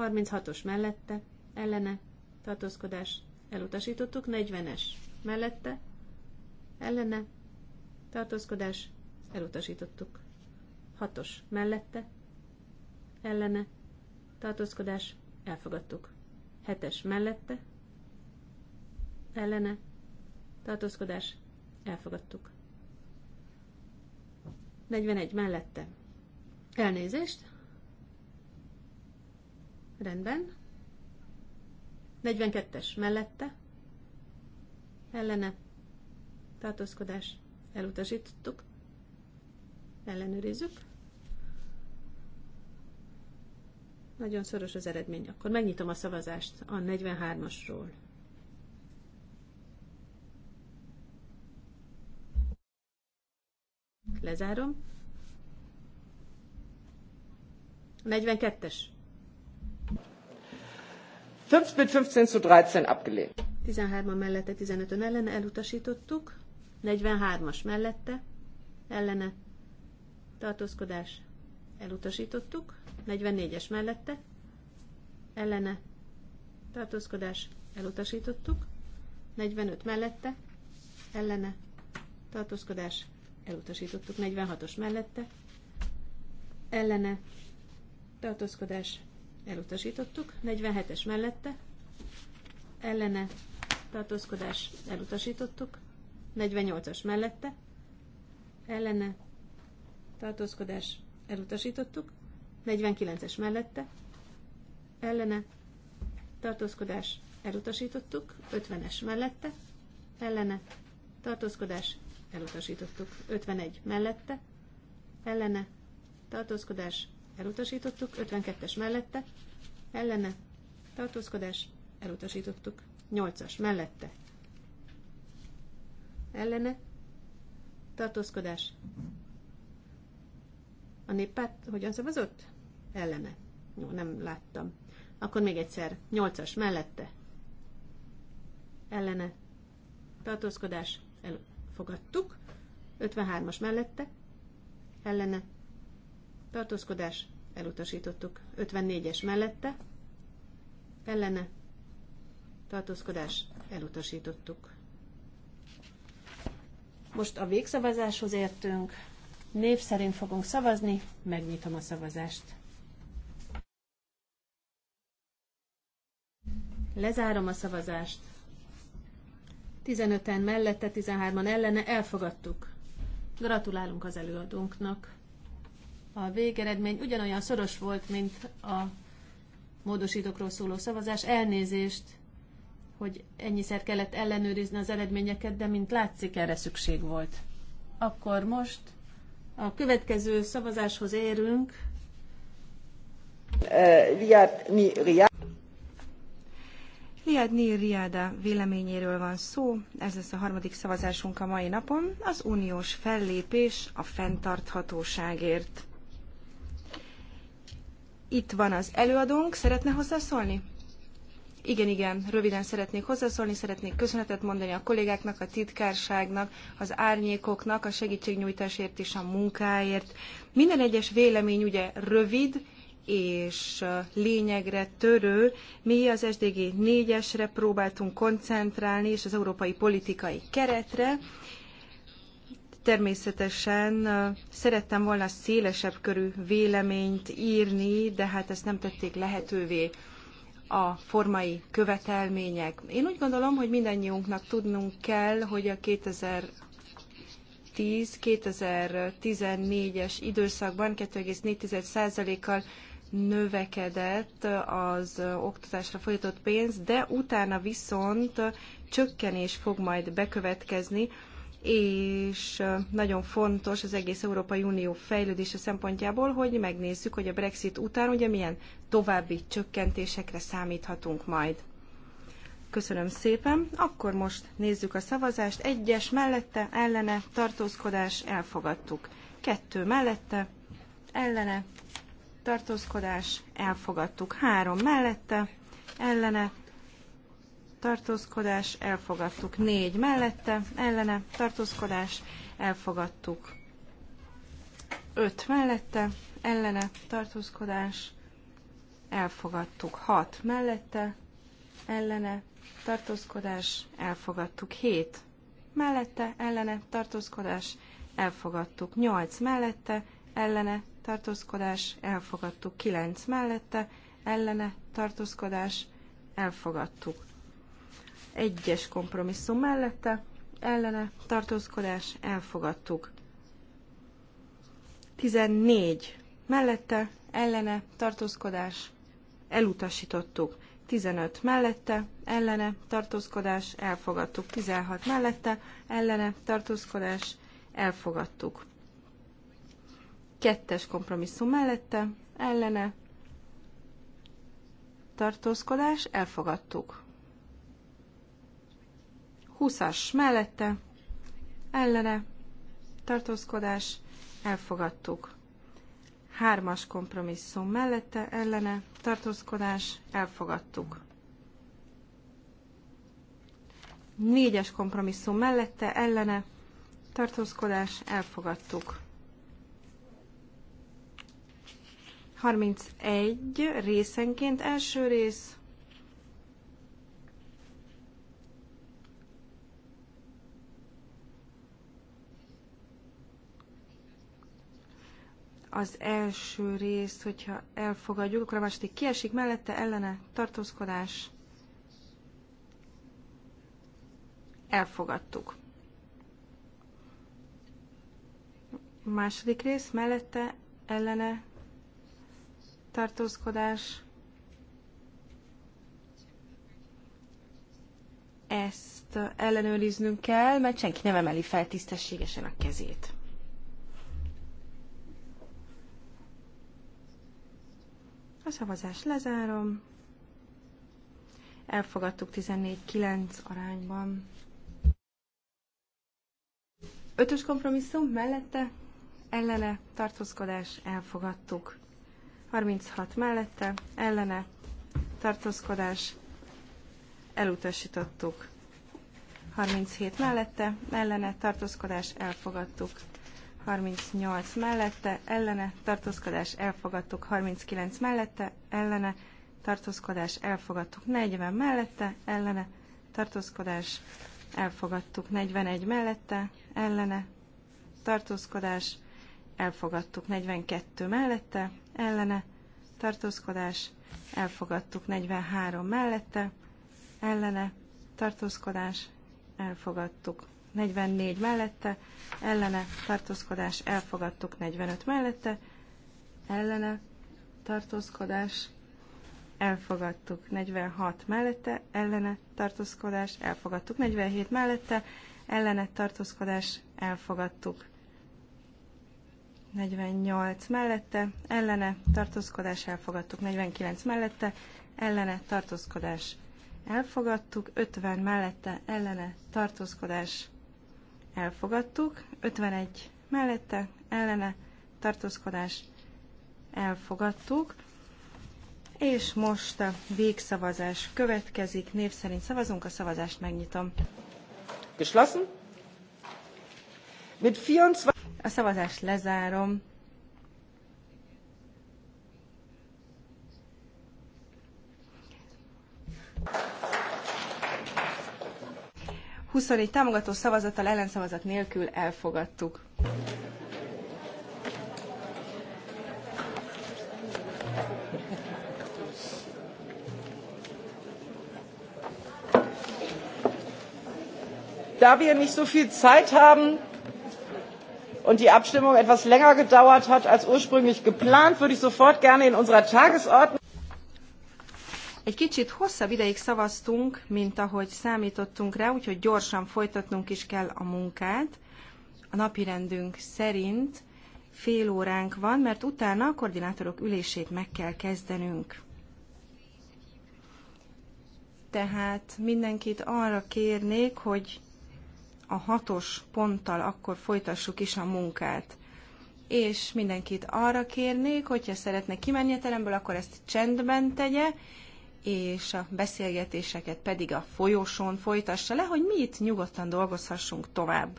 36-os mellette, ellene, tartózkodás, elutasítottuk. 40-es mellette, ellene, tartózkodás, elutasítottuk. 6-os mellette, ellene, tartózkodás, elfogadtuk. 7-es mellette, ellene, tartózkodás, elfogadtuk. 41 mellette. Elnézést, Rendben. 42-es mellette. Ellene. Tartózkodás. Elutasítottuk. Ellenőrizzük. Nagyon szoros az eredmény. Akkor megnyitom a szavazást a 43-asról. Lezárom. 42-es. 5 mit 15 zu 13 abgelehnt. 13-an mellette, 15-ön ellene elutasítottuk. 43-as mellette, ellene tartózkodás elutasítottuk. 44-es mellette, ellene tartózkodás elutasítottuk. 45 mellette, ellene tartózkodás elutasítottuk. 46-os mellette, ellene tartózkodás elutasítottuk, 47-es mellette, ellene tartózkodás elutasítottuk, 48-as mellette, ellene tartózkodás elutasítottuk, 49-es mellette, ellene tartózkodás elutasítottuk, 50-es mellette, ellene tartózkodás elutasítottuk, 51 mellette, ellene tartózkodás elutasítottuk, 52-es mellette, ellene, tartózkodás, elutasítottuk, 8-as mellette, ellene, tartózkodás. A néppárt hogyan szavazott? Ellene. Jó, nem láttam. Akkor még egyszer, 8-as mellette, ellene, tartózkodás, elfogadtuk, 53-as mellette, ellene, tartózkodás, elutasítottuk. 54-es mellette, ellene, tartózkodás, elutasítottuk. Most a végszavazáshoz értünk. Név szerint fogunk szavazni, megnyitom a szavazást. Lezárom a szavazást. 15-en mellette, 13-an ellene elfogadtuk. Gratulálunk az előadónknak a végeredmény ugyanolyan szoros volt, mint a módosítókról szóló szavazás. Elnézést, hogy ennyiszer kellett ellenőrizni az eredményeket, de mint látszik, erre szükség volt. Akkor most a következő szavazáshoz érünk. Liad Riada véleményéről van szó, ez lesz a harmadik szavazásunk a mai napon, az uniós fellépés a fenntarthatóságért. Itt van az előadónk, szeretne hozzászólni? Igen, igen, röviden szeretnék hozzászólni, szeretnék köszönetet mondani a kollégáknak, a titkárságnak, az árnyékoknak, a segítségnyújtásért és a munkáért. Minden egyes vélemény ugye rövid, és lényegre törő. Mi az SDG 4-esre próbáltunk koncentrálni, és az európai politikai keretre, Természetesen szerettem volna szélesebb körű véleményt írni, de hát ezt nem tették lehetővé a formai követelmények. Én úgy gondolom, hogy mindannyiunknak tudnunk kell, hogy a 2010-2014-es időszakban 2,4%-kal növekedett az oktatásra folytott pénz, de utána viszont csökkenés fog majd bekövetkezni és nagyon fontos az egész Európai Unió fejlődése szempontjából, hogy megnézzük, hogy a Brexit után ugye milyen további csökkentésekre számíthatunk majd. Köszönöm szépen. Akkor most nézzük a szavazást. Egyes mellette, ellene, tartózkodás, elfogadtuk. Kettő mellette, ellene, tartózkodás, elfogadtuk. Három mellette, ellene, tartózkodás, elfogadtuk. Négy mellette, ellene, tartózkodás, elfogadtuk. Öt mellette, ellene, tartózkodás, elfogadtuk. Hat mellette, ellene, tartózkodás, elfogadtuk. Hét mellette, ellene, tartózkodás, elfogadtuk. Nyolc mellette, ellene, tartózkodás, elfogadtuk. Kilenc mellette, ellene, tartózkodás, elfogadtuk. Egyes kompromisszum mellette, ellene tartózkodás elfogadtuk. 14 mellette, ellene tartózkodás elutasítottuk. 15 mellette, ellene tartózkodás elfogadtuk. 16 mellette, ellene tartózkodás elfogadtuk. Kettes kompromisszum mellette, ellene tartózkodás elfogadtuk. 20-as mellette, ellene, tartózkodás, elfogadtuk. Hármas as kompromisszum mellette, ellene, tartózkodás, elfogadtuk. Négyes kompromisszum mellette, ellene, tartózkodás, elfogadtuk. 31 részenként első rész, az első részt, hogyha elfogadjuk, akkor a második kiesik, mellette ellene tartózkodás. Elfogadtuk. Második rész, mellette ellene tartózkodás. Ezt ellenőriznünk kell, mert senki nem emeli fel tisztességesen a kezét. A szavazást lezárom. Elfogadtuk 14-9 arányban. Ötös kompromisszum mellette, ellene, tartózkodás, elfogadtuk. 36 mellette, ellene, tartózkodás, elutasítottuk. 37 mellette, ellene, tartózkodás, elfogadtuk. 38 mellette, ellene, tartózkodás elfogadtuk, 39 mellette, ellene, tartózkodás elfogadtuk, 40 mellette, ellene, tartózkodás elfogadtuk, 41 mellette, ellene, tartózkodás elfogadtuk, 42 mellette, ellene, tartózkodás elfogadtuk, 43 mellette, ellene, tartózkodás elfogadtuk, 44 mellette, ellene tartózkodás elfogadtuk 45 mellette, ellene tartózkodás elfogadtuk 46 mellette, ellene tartózkodás elfogadtuk 47 mellette, ellene tartózkodás elfogadtuk 48 mellette, ellene tartózkodás elfogadtuk 49 mellette, ellene tartózkodás elfogadtuk 50 mellette, ellene tartózkodás elfogadtuk elfogadtuk, 51 mellette, ellene, tartózkodás, elfogadtuk. És most a végszavazás következik. Név szerint szavazunk, a szavazást megnyitom. Geschlossen. Mit 24... A szavazást lezárom. 24 támogató szavazattal ellenszavazat nélkül elfogadtuk. da wir nicht so viel zeit haben und die abstimmung etwas länger gedauert hat als ursprünglich geplant würde ich sofort gerne in unserer tagesordnung egy kicsit hosszabb ideig szavaztunk, mint ahogy számítottunk rá, úgyhogy gyorsan folytatnunk is kell a munkát. A napirendünk szerint fél óránk van, mert utána a koordinátorok ülését meg kell kezdenünk. Tehát mindenkit arra kérnék, hogy a hatos ponttal akkor folytassuk is a munkát. És mindenkit arra kérnék, hogyha szeretne kimenni a teremből, akkor ezt csendben tegye, és a beszélgetéseket pedig a folyosón folytassa le, hogy mi itt nyugodtan dolgozhassunk tovább.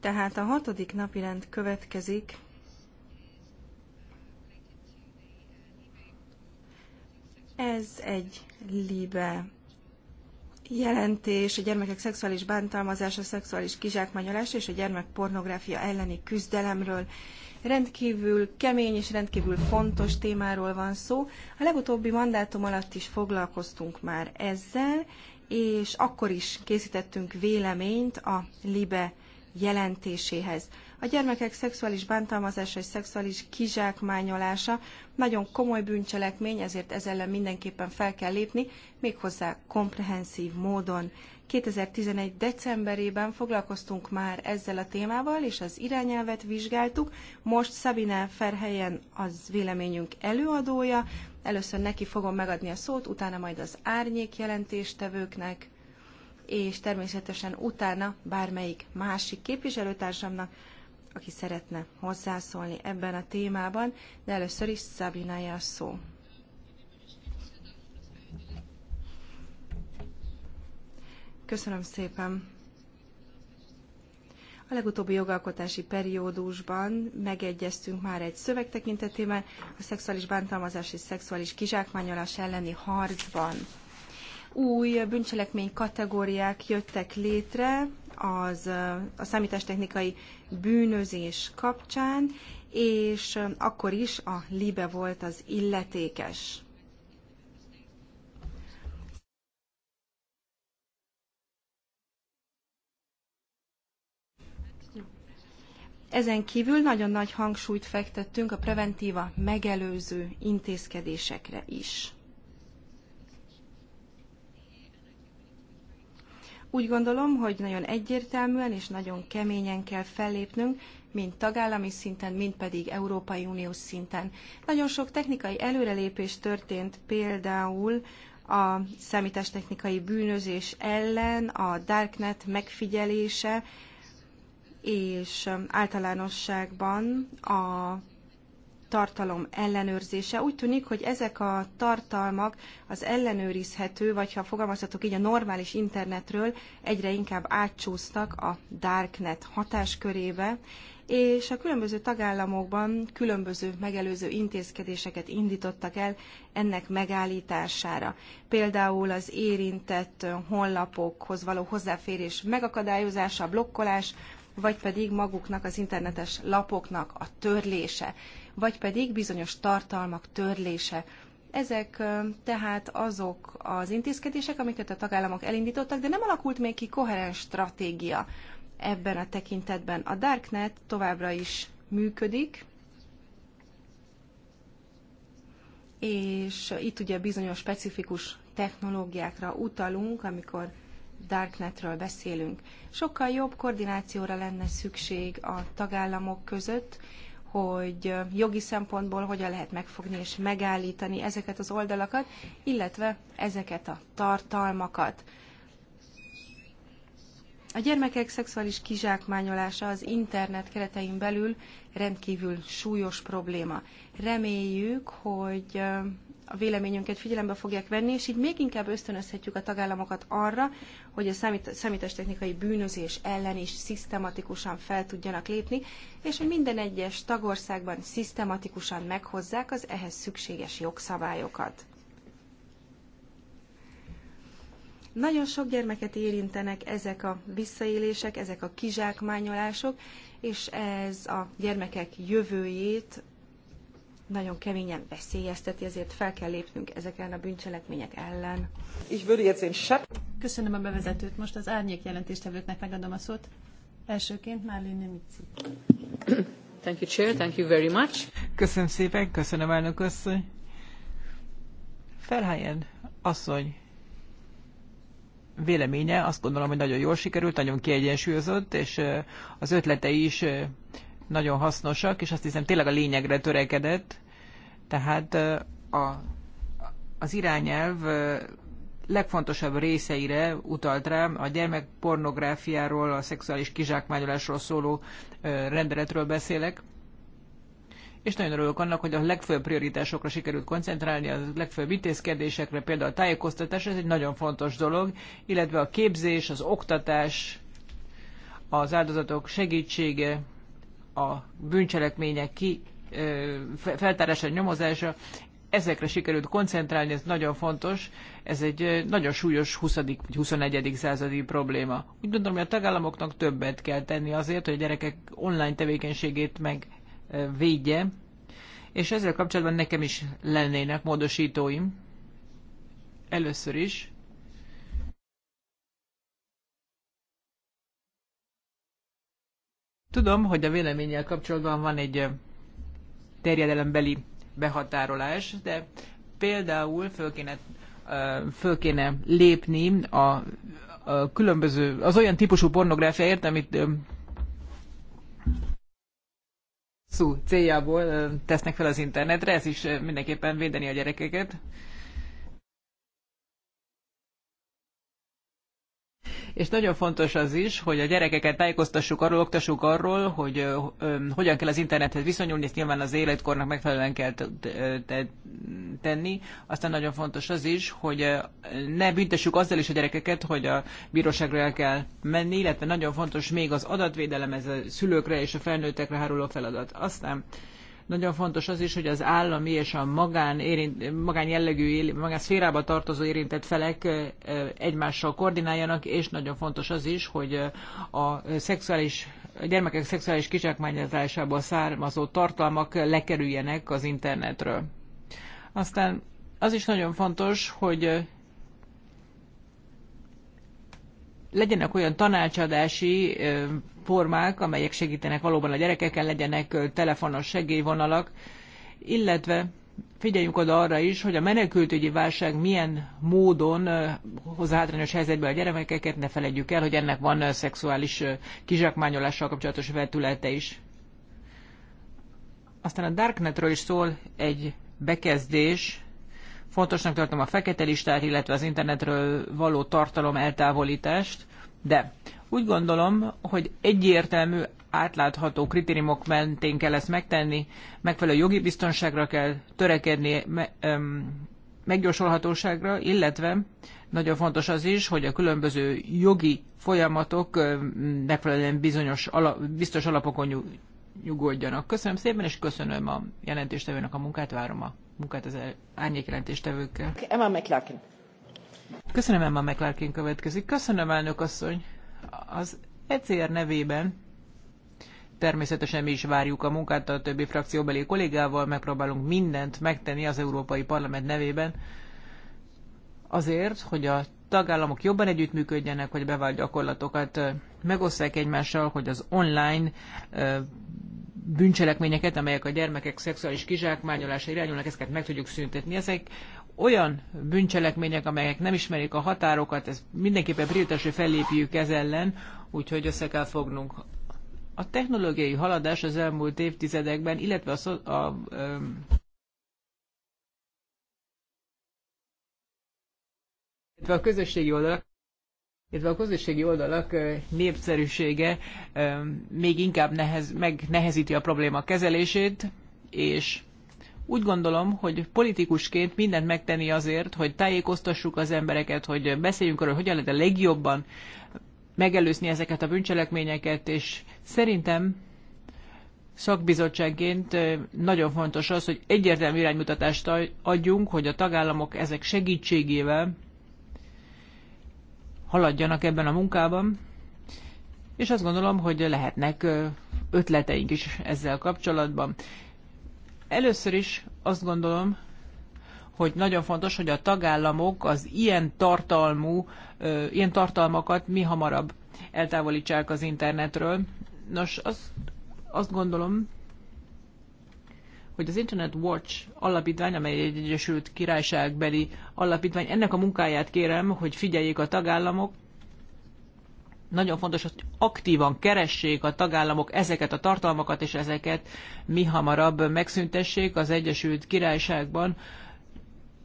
Tehát a hatodik napi rend következik. Ez egy libe jelentés a gyermekek szexuális bántalmazása, szexuális kizsákmányolása és a pornográfia elleni küzdelemről. Rendkívül kemény és rendkívül fontos témáról van szó. A legutóbbi mandátum alatt is foglalkoztunk már ezzel, és akkor is készítettünk véleményt a LIBE jelentéséhez. A gyermekek szexuális bántalmazása és szexuális kizsákmányolása nagyon komoly bűncselekmény, ezért ezzel ellen mindenképpen fel kell lépni, méghozzá komprehenszív módon. 2011. decemberében foglalkoztunk már ezzel a témával, és az irányelvet vizsgáltuk. Most Szabine Ferhelyen az véleményünk előadója. Először neki fogom megadni a szót, utána majd az árnyék jelentéstevőknek, és természetesen utána bármelyik másik képviselőtársamnak, aki szeretne hozzászólni ebben a témában, de először is Szabinája a szó. Köszönöm szépen. A legutóbbi jogalkotási periódusban megegyeztünk már egy szöveg tekintetében a szexuális bántalmazás és szexuális kizsákmányolás elleni harcban. Új bűncselekmény kategóriák jöttek létre az, a számítástechnikai bűnözés kapcsán, és akkor is a LIBE volt az illetékes. Ezen kívül nagyon nagy hangsúlyt fektettünk a preventíva megelőző intézkedésekre is. Úgy gondolom, hogy nagyon egyértelműen és nagyon keményen kell fellépnünk, mind tagállami szinten, mind pedig Európai Uniós szinten. Nagyon sok technikai előrelépés történt például a számítástechnikai bűnözés ellen, a Darknet megfigyelése, és um, általánosságban a tartalom ellenőrzése. Úgy tűnik, hogy ezek a tartalmak az ellenőrizhető, vagy ha fogalmazhatok így a normális internetről, egyre inkább átcsúsztak a darknet hatáskörébe, és a különböző tagállamokban különböző megelőző intézkedéseket indítottak el ennek megállítására. Például az érintett honlapokhoz való hozzáférés megakadályozása, blokkolás, vagy pedig maguknak az internetes lapoknak a törlése, vagy pedig bizonyos tartalmak törlése. Ezek tehát azok az intézkedések, amiket a tagállamok elindítottak, de nem alakult még ki koherens stratégia ebben a tekintetben. A Darknet továbbra is működik, és itt ugye bizonyos specifikus technológiákra utalunk, amikor Darknetről beszélünk. Sokkal jobb koordinációra lenne szükség a tagállamok között, hogy jogi szempontból hogyan lehet megfogni és megállítani ezeket az oldalakat, illetve ezeket a tartalmakat. A gyermekek szexuális kizsákmányolása az internet keretein belül rendkívül súlyos probléma. Reméljük, hogy a véleményünket figyelembe fogják venni, és így még inkább ösztönözhetjük a tagállamokat arra, hogy a számít, számítástechnikai bűnözés ellen is szisztematikusan fel tudjanak lépni, és hogy minden egyes tagországban szisztematikusan meghozzák az ehhez szükséges jogszabályokat. Nagyon sok gyermeket érintenek ezek a visszaélések, ezek a kizsákmányolások, és ez a gyermekek jövőjét nagyon keményen veszélyezteti, ezért fel kell lépnünk ezeken a bűncselekmények ellen. Ich würde jetzt Köszönöm a bevezetőt. Most az árnyék jelentéstevőknek megadom a szót. Elsőként Marlene Mici. Thank you, Chair. Thank you very much. Köszönöm szépen, köszönöm elnök asszony. Felhelyen asszony véleménye azt gondolom, hogy nagyon jól sikerült, nagyon kiegyensúlyozott, és az ötlete is nagyon hasznosak, és azt hiszem tényleg a lényegre törekedett. Tehát a, az irányelv legfontosabb részeire utalt rá, a gyermekpornográfiáról, a szexuális kizsákmányolásról szóló rendeletről beszélek. És nagyon örülök annak, hogy a legfőbb prioritásokra sikerült koncentrálni, a legfőbb intézkedésekre, például a tájékoztatás, ez egy nagyon fontos dolog, illetve a képzés, az oktatás, az áldozatok segítsége, a bűncselekmények ki feltárása, nyomozása, ezekre sikerült koncentrálni, ez nagyon fontos, ez egy nagyon súlyos 20. vagy 21. századi probléma. Úgy gondolom, hogy a tagállamoknak többet kell tenni azért, hogy a gyerekek online tevékenységét megvédje, és ezzel kapcsolatban nekem is lennének módosítóim. Először is Tudom, hogy a véleménnyel kapcsolatban van egy terjedelembeli behatárolás, de például föl kéne, föl kéne lépni a, a különböző, az olyan típusú pornográfiáért, amit szó céljából tesznek fel az internetre, ez is mindenképpen védeni a gyerekeket. És nagyon fontos az is, hogy a gyerekeket tájékoztassuk arról, oktassuk arról, hogy ö, ö, hogyan kell az internethez viszonyulni, ezt nyilván az életkornak megfelelően kell tenni. Aztán nagyon fontos az is, hogy ne büntessük azzal is a gyerekeket, hogy a bíróságra el kell menni, illetve nagyon fontos még az adatvédelem, ez a szülőkre és a felnőttekre háruló feladat. Aztán nagyon fontos az is, hogy az állami és a magán, érint, magán jellegű, magán szférába tartozó érintett felek egymással koordináljanak, és nagyon fontos az is, hogy a szexuális a gyermekek szexuális kizsákmányozásából származó tartalmak lekerüljenek az internetről. Aztán az is nagyon fontos, hogy legyenek olyan tanácsadási formák, amelyek segítenek valóban a gyerekeken, legyenek telefonos segélyvonalak, illetve figyeljünk oda arra is, hogy a menekültügyi válság milyen módon hoz hátrányos helyzetbe a gyermekeket, ne felejtjük el, hogy ennek van szexuális kizsákmányolással kapcsolatos vetülete is. Aztán a Darknetről is szól egy bekezdés, Fontosnak tartom a fekete listát, illetve az internetről való tartalom eltávolítást, de úgy gondolom, hogy egyértelmű, átlátható kritériumok mentén kell ezt megtenni, megfelelő jogi biztonságra kell törekedni, me, öm, meggyorsolhatóságra, illetve nagyon fontos az is, hogy a különböző jogi folyamatok öm, megfelelően bizonyos alap, biztos alapokon nyugodjanak. Köszönöm szépen, és köszönöm a jelentéstevőnek a munkát, várom a munkát az árnyékjelentéstevőkkel. Emma McLarkin. Köszönöm, Emma McLarkin következik. Köszönöm, elnök asszony. Az ECR nevében természetesen mi is várjuk a munkát a többi frakcióbeli kollégával, megpróbálunk mindent megtenni az Európai Parlament nevében azért, hogy a tagállamok jobban együttműködjenek, hogy bevált gyakorlatokat megosztják egymással, hogy az online bűncselekményeket, amelyek a gyermekek szexuális kizsákmányolása irányulnak, ezeket meg tudjuk szüntetni. Ezek olyan bűncselekmények, amelyek nem ismerik a határokat, ez mindenképpen hogy fellépjük ez ellen, úgyhogy össze kell fognunk. A technológiai haladás az elmúlt évtizedekben, illetve a, a, a, a közösségi oldalak illetve a közösségi oldalak népszerűsége még inkább nehez, megnehezíti a probléma kezelését, és úgy gondolom, hogy politikusként mindent megtenni azért, hogy tájékoztassuk az embereket, hogy beszéljünk arról, hogyan lehet a legjobban megelőzni ezeket a bűncselekményeket, és szerintem szakbizottságként nagyon fontos az, hogy egyértelmű iránymutatást adjunk, hogy a tagállamok ezek segítségével haladjanak ebben a munkában, és azt gondolom, hogy lehetnek ötleteink is ezzel kapcsolatban. Először is azt gondolom, hogy nagyon fontos, hogy a tagállamok az ilyen tartalmú, ilyen tartalmakat mi hamarabb eltávolítsák az internetről. Nos, azt, azt gondolom, hogy az Internet Watch alapítvány, amely egy Egyesült Királyságbeli alapítvány, ennek a munkáját kérem, hogy figyeljék a tagállamok. Nagyon fontos, hogy aktívan keressék a tagállamok ezeket a tartalmakat, és ezeket mi hamarabb megszüntessék az Egyesült Királyságban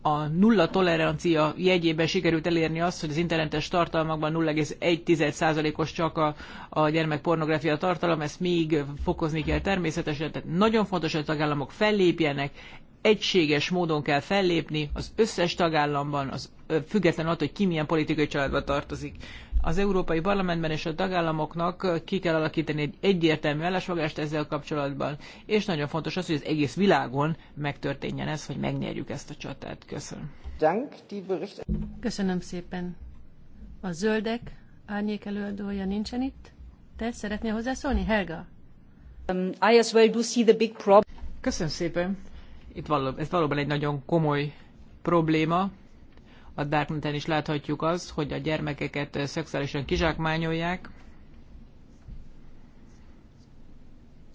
a nulla tolerancia jegyében sikerült elérni azt, hogy az internetes tartalmakban 0,1%-os csak a, a gyermekpornográfia tartalom, ezt még fokozni kell természetesen, tehát nagyon fontos, hogy a tagállamok fellépjenek, egységes módon kell fellépni az összes tagállamban, az, független attól, hogy ki milyen politikai családba tartozik az Európai Parlamentben és a tagállamoknak ki kell alakítani egy egyértelmű állásfogást ezzel kapcsolatban, és nagyon fontos az, hogy az egész világon megtörténjen ez, hogy megnyerjük ezt a csatát. Köszönöm. Köszönöm szépen. A zöldek árnyék előadója nincsen itt. Te szeretnél hozzászólni, Helga? Um, I as well do see the big problem. Köszönöm szépen. Itt való, ez valóban egy nagyon komoly probléma, a Darkneten is láthatjuk azt, hogy a gyermekeket szexuálisan kizsákmányolják.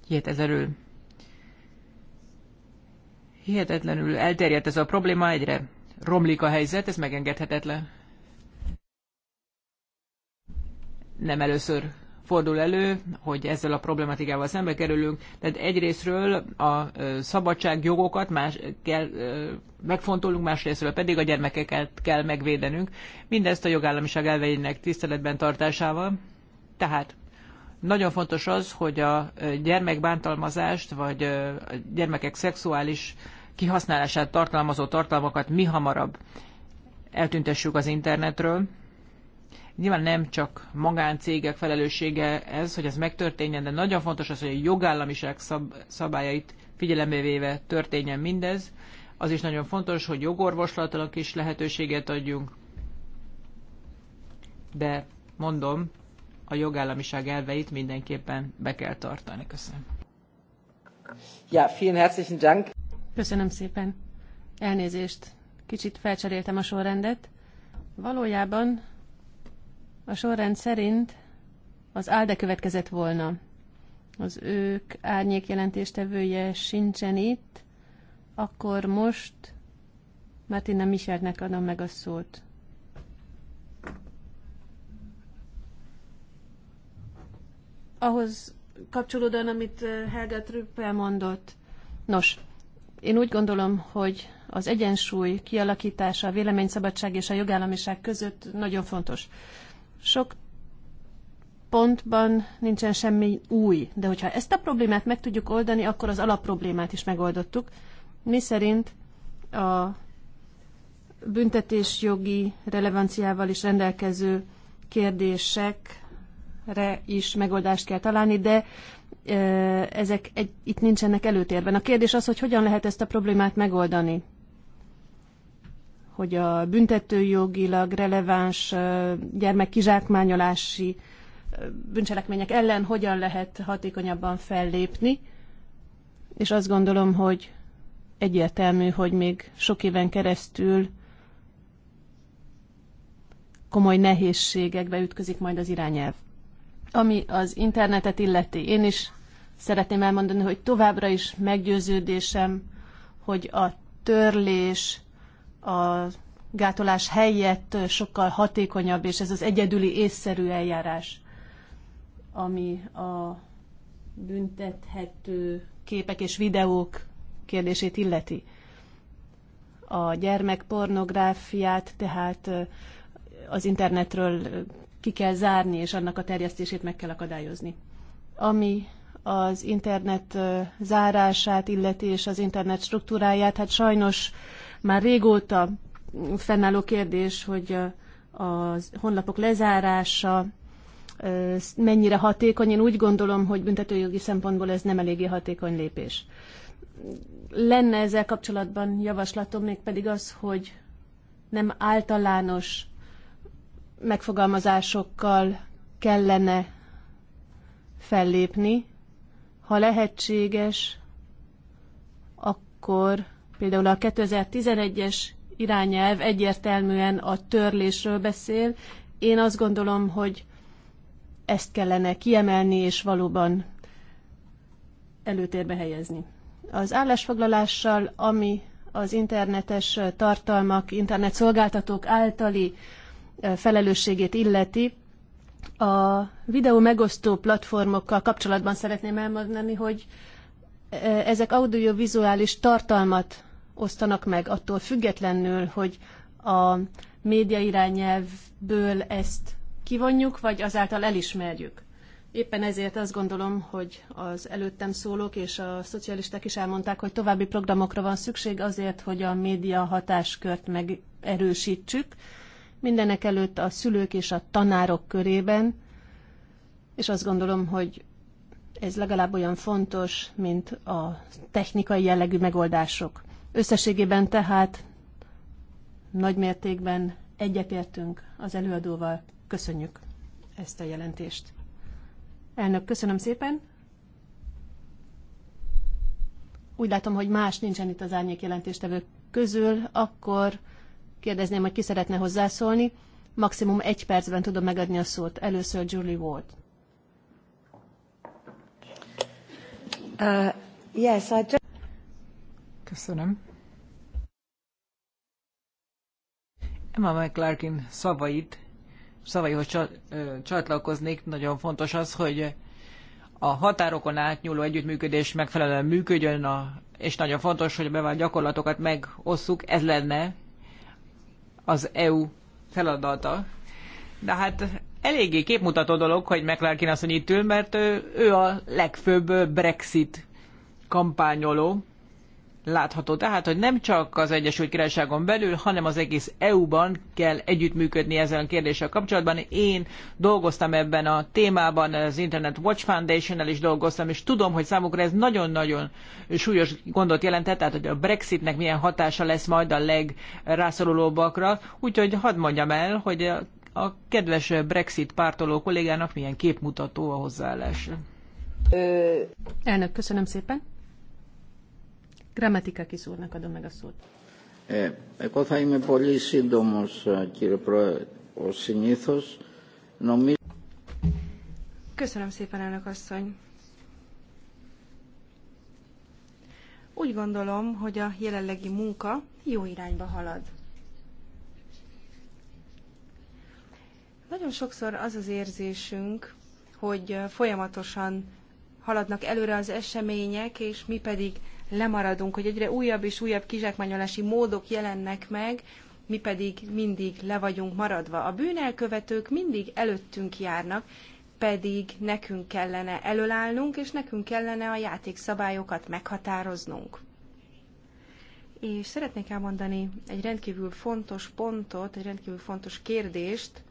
Hihetetlenül. Hihetetlenül elterjedt ez a probléma, egyre romlik a helyzet, ez megengedhetetlen. Nem először fordul elő, hogy ezzel a problematikával szembe kerülünk. Tehát egyrésztről a szabadságjogokat más, kell, megfontolunk, másrésztről pedig a gyermekeket kell megvédenünk. Mindezt a jogállamiság elveinek tiszteletben tartásával. Tehát nagyon fontos az, hogy a gyermekbántalmazást, vagy a gyermekek szexuális kihasználását tartalmazó tartalmakat mi hamarabb eltüntessük az internetről. Nyilván nem csak magáncégek felelőssége ez, hogy ez megtörténjen, de nagyon fontos az, hogy a jogállamiság szab- szabályait figyelembe véve történjen mindez. Az is nagyon fontos, hogy jogorvoslatok is lehetőséget adjunk. De mondom, a jogállamiság elveit mindenképpen be kell tartani. Köszönöm. Ja, vielen herzlichen Dank. Köszönöm szépen. Elnézést, kicsit felcseréltem a sorrendet. Valójában a sorrend szerint az álde következett volna. Az ők árnyék jelentéstevője sincsen itt, akkor most Martina Michelnek adom meg a szót. Ahhoz kapcsolódóan, amit eh, Helga Trüppel mondott. Nos, én úgy gondolom, hogy az egyensúly kialakítása, a véleményszabadság és a jogállamiság között nagyon fontos. Sok pontban nincsen semmi új, de hogyha ezt a problémát meg tudjuk oldani, akkor az alapproblémát is megoldottuk, mi szerint a büntetésjogi relevanciával is rendelkező kérdésekre is megoldást kell találni, de e, ezek egy, itt nincsenek előtérben. A kérdés az, hogy hogyan lehet ezt a problémát megoldani hogy a büntetőjogilag releváns gyermekkizsákmányolási bűncselekmények ellen hogyan lehet hatékonyabban fellépni, és azt gondolom, hogy egyértelmű, hogy még sok éven keresztül komoly nehézségekbe ütközik majd az irányelv. Ami az internetet illeti, én is szeretném elmondani, hogy továbbra is meggyőződésem, hogy a törlés a gátolás helyett sokkal hatékonyabb, és ez az egyedüli észszerű eljárás, ami a büntethető képek és videók kérdését illeti. A gyermekpornográfiát tehát az internetről ki kell zárni, és annak a terjesztését meg kell akadályozni. Ami az internet zárását illeti, és az internet struktúráját, hát sajnos már régóta fennálló kérdés, hogy a honlapok lezárása mennyire hatékony. Én úgy gondolom, hogy büntetőjogi szempontból ez nem eléggé hatékony lépés. Lenne ezzel kapcsolatban javaslatom még pedig az, hogy nem általános megfogalmazásokkal kellene fellépni. Ha lehetséges, akkor Például a 2011-es irányelv egyértelműen a törlésről beszél. Én azt gondolom, hogy ezt kellene kiemelni és valóban előtérbe helyezni. Az állásfoglalással, ami az internetes tartalmak, internet szolgáltatók általi eh, felelősségét illeti, a videó megosztó platformokkal kapcsolatban szeretném elmondani, hogy eh, ezek audiovizuális tartalmat osztanak meg, attól függetlenül, hogy a média irányelvből ezt kivonjuk, vagy azáltal elismerjük. Éppen ezért azt gondolom, hogy az előttem szólók és a szocialisták is elmondták, hogy további programokra van szükség azért, hogy a média hatáskört megerősítsük. Mindenek előtt a szülők és a tanárok körében, és azt gondolom, hogy ez legalább olyan fontos, mint a technikai jellegű megoldások. Összességében tehát nagy mértékben egyetértünk az előadóval. Köszönjük ezt a jelentést. Elnök, köszönöm szépen. Úgy látom, hogy más nincsen itt az árnyék jelentéstevők közül, akkor kérdezném, hogy ki szeretne hozzászólni. Maximum egy percben tudom megadni a szót. Először Julie Ward. Uh, yes, I just... Köszönöm. Emma McClarkin szavait, szavaihoz csatlakoznék. Nagyon fontos az, hogy a határokon átnyúló együttműködés megfelelően működjön, a, és nagyon fontos, hogy a bevált gyakorlatokat megosszuk. Ez lenne az EU feladata. De hát eléggé képmutató dolog, hogy McClarkin asszony itt ül, mert ő, ő a legfőbb Brexit kampányoló látható. Tehát, hogy nem csak az Egyesült Királyságon belül, hanem az egész EU-ban kell együttműködni ezzel a kérdéssel kapcsolatban. Én dolgoztam ebben a témában, az Internet Watch Foundation-nel is dolgoztam, és tudom, hogy számukra ez nagyon-nagyon súlyos gondot jelentett, tehát, hogy a Brexitnek milyen hatása lesz majd a legrászorulóbbakra. Úgyhogy hadd mondjam el, hogy a, a kedves Brexit pártoló kollégának milyen képmutató a hozzáállás. Ö... Elnök, köszönöm szépen. Grammatika kiszúrnak adom meg a szót. Εγώ θα είμαι πολύ σύντομος, κύριε Πρόεδρε, ως συνήθως. Νομίζω... Köszönöm szépen, elnök asszony. Úgy gondolom, hogy a jelenlegi munka jó irányba halad. Nagyon sokszor az az érzésünk, hogy folyamatosan haladnak előre az események, és mi pedig lemaradunk, hogy egyre újabb és újabb kizsákmányolási módok jelennek meg, mi pedig mindig le vagyunk maradva. A bűnelkövetők mindig előttünk járnak, pedig nekünk kellene előállnunk, és nekünk kellene a játékszabályokat meghatároznunk. És szeretnék elmondani egy rendkívül fontos pontot, egy rendkívül fontos kérdést,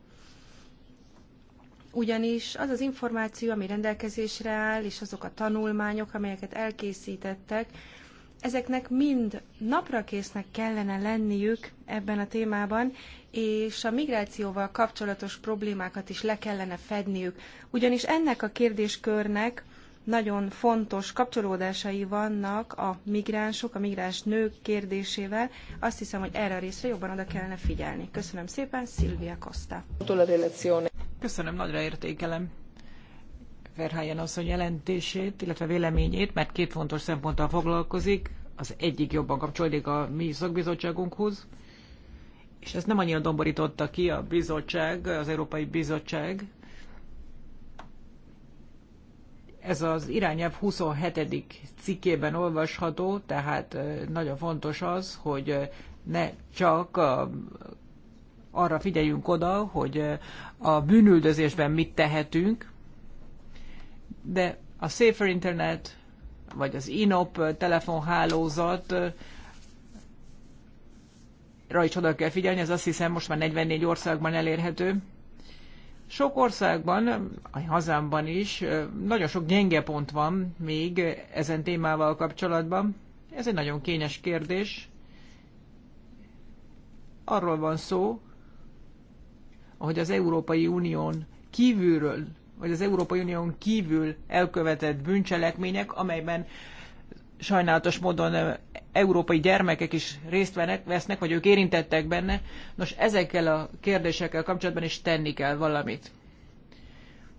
ugyanis az az információ, ami rendelkezésre áll, és azok a tanulmányok, amelyeket elkészítettek, ezeknek mind naprakésznek kellene lenniük ebben a témában, és a migrációval kapcsolatos problémákat is le kellene fedniük. Ugyanis ennek a kérdéskörnek nagyon fontos kapcsolódásai vannak a migránsok, a migráns nők kérdésével. Azt hiszem, hogy erre a részre jobban oda kellene figyelni. Köszönöm szépen, Szilvia Costa. Köszönöm, nagyra értékelem Verhájen asszony jelentését, illetve véleményét, mert két fontos szemponttal foglalkozik. Az egyik jobban kapcsolódik a mi szakbizottságunkhoz, és ezt nem annyira domborította ki a bizottság, az Európai Bizottság. Ez az irányelv 27. cikkében olvasható, tehát nagyon fontos az, hogy ne csak a arra figyeljünk oda, hogy a bűnüldözésben mit tehetünk, de a Safer Internet, vagy az INOP telefonhálózat is oda kell figyelni, ez azt hiszem most már 44 országban elérhető. Sok országban, a hazámban is, nagyon sok gyenge pont van még ezen témával kapcsolatban. Ez egy nagyon kényes kérdés. Arról van szó, ahogy az Európai Unión kívülről, vagy az Európai Unión kívül elkövetett bűncselekmények, amelyben sajnálatos módon európai gyermekek is részt vesznek, vagy ők érintettek benne. Nos, ezekkel a kérdésekkel kapcsolatban is tenni kell valamit.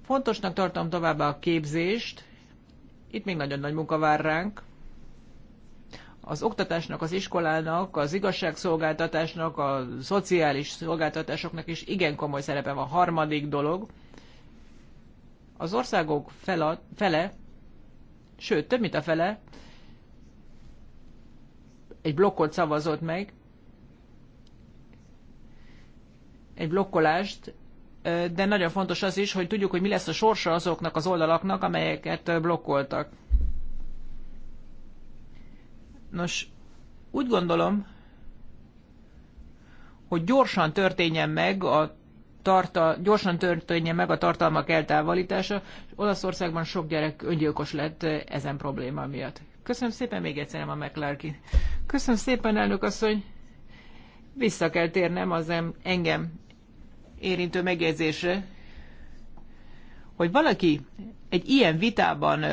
Fontosnak tartom továbbá a képzést. Itt még nagyon nagy munka vár ránk az oktatásnak, az iskolának, az igazságszolgáltatásnak, a szociális szolgáltatásoknak is igen komoly szerepe van. Harmadik dolog, az országok fela, fele, sőt, több mint a fele, egy blokkot szavazott meg, egy blokkolást, de nagyon fontos az is, hogy tudjuk, hogy mi lesz a sorsa azoknak az oldalaknak, amelyeket blokkoltak. Nos, úgy gondolom, hogy gyorsan történjen meg a tartal, gyorsan történjen meg a tartalmak eltávolítása. Olaszországban sok gyerek öngyilkos lett ezen probléma miatt. Köszönöm szépen még egyszer a McClarkin. Köszönöm szépen, elnök asszony. Vissza kell térnem az engem érintő megjegyzésre, hogy valaki egy ilyen vitában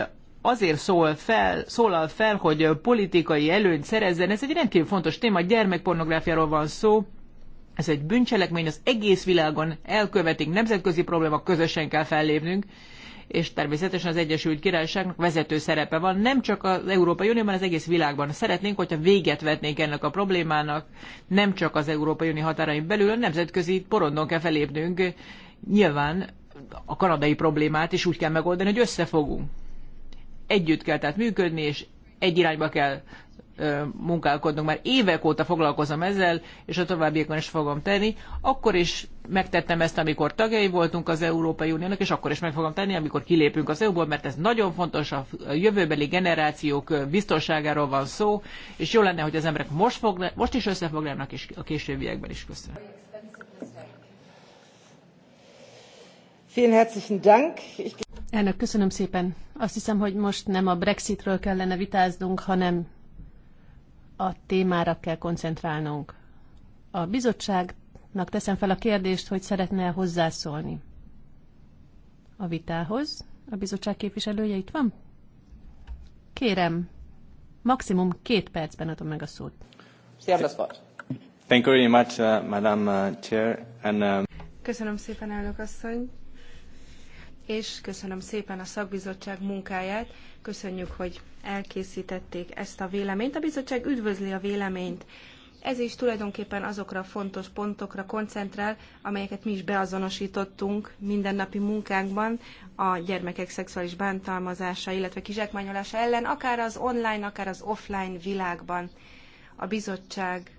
azért szól fel, szólal fel, hogy politikai előnyt szerezzen. Ez egy rendkívül fontos téma, gyermekpornográfiáról van szó, ez egy bűncselekmény, az egész világon elkövetik, nemzetközi probléma, közösen kell fellépnünk, és természetesen az Egyesült Királyságnak vezető szerepe van, nem csak az Európai Unióban, az egész világban. Szeretnénk, hogyha véget vetnénk ennek a problémának, nem csak az Európai Unió határain belül, a nemzetközi porondon kell felépnünk. Nyilván a kanadai problémát is úgy kell megoldani, hogy összefogunk. Együtt kell tehát működni, és egy irányba kell munkálkodnunk. Már évek óta foglalkozom ezzel, és a továbbiakon is fogom tenni. Akkor is megtettem ezt, amikor tagjai voltunk az Európai Uniónak, és akkor is meg fogom tenni, amikor kilépünk az EU-ból, mert ez nagyon fontos, a jövőbeli generációk biztonságáról van szó, és jó lenne, hogy az emberek most, fogna, most is összefoglalnak, és a későbbiekben is köszönöm. Vielen herzlichen Dank. Elnök, köszönöm szépen. Azt hiszem, hogy most nem a Brexitről kellene vitáznunk, hanem a témára kell koncentrálnunk. A bizottságnak teszem fel a kérdést, hogy szeretne -e hozzászólni a vitához. A bizottság képviselője itt van? Kérem, maximum két percben adom meg a szót. Thank you very much, uh, Madam uh, Chair. And, uh, Köszönöm szépen, elnök asszony és köszönöm szépen a szakbizottság munkáját. Köszönjük, hogy elkészítették ezt a véleményt. A bizottság üdvözli a véleményt. Ez is tulajdonképpen azokra a fontos pontokra koncentrál, amelyeket mi is beazonosítottunk mindennapi munkánkban a gyermekek szexuális bántalmazása, illetve kizsákmányolása ellen, akár az online, akár az offline világban. A bizottság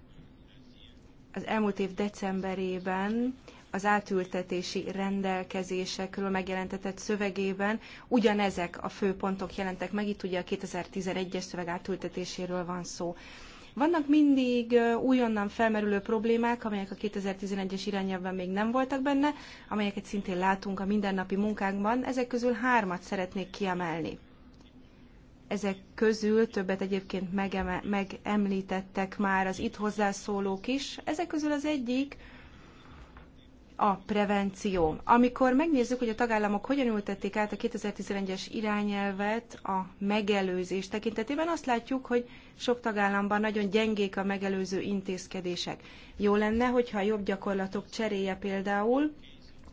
az elmúlt év decemberében az átültetési rendelkezésekről megjelentetett szövegében ugyanezek a fő pontok jelentek meg, itt ugye a 2011-es szöveg átültetéséről van szó. Vannak mindig újonnan felmerülő problémák, amelyek a 2011-es irányelvben még nem voltak benne, amelyeket szintén látunk a mindennapi munkánkban. Ezek közül hármat szeretnék kiemelni. Ezek közül többet egyébként megemlítettek már az itt hozzászólók is. Ezek közül az egyik a prevenció. Amikor megnézzük, hogy a tagállamok hogyan ültették át a 2011-es irányelvet a megelőzés tekintetében, azt látjuk, hogy sok tagállamban nagyon gyengék a megelőző intézkedések. Jó lenne, hogyha a jobb gyakorlatok cseréje például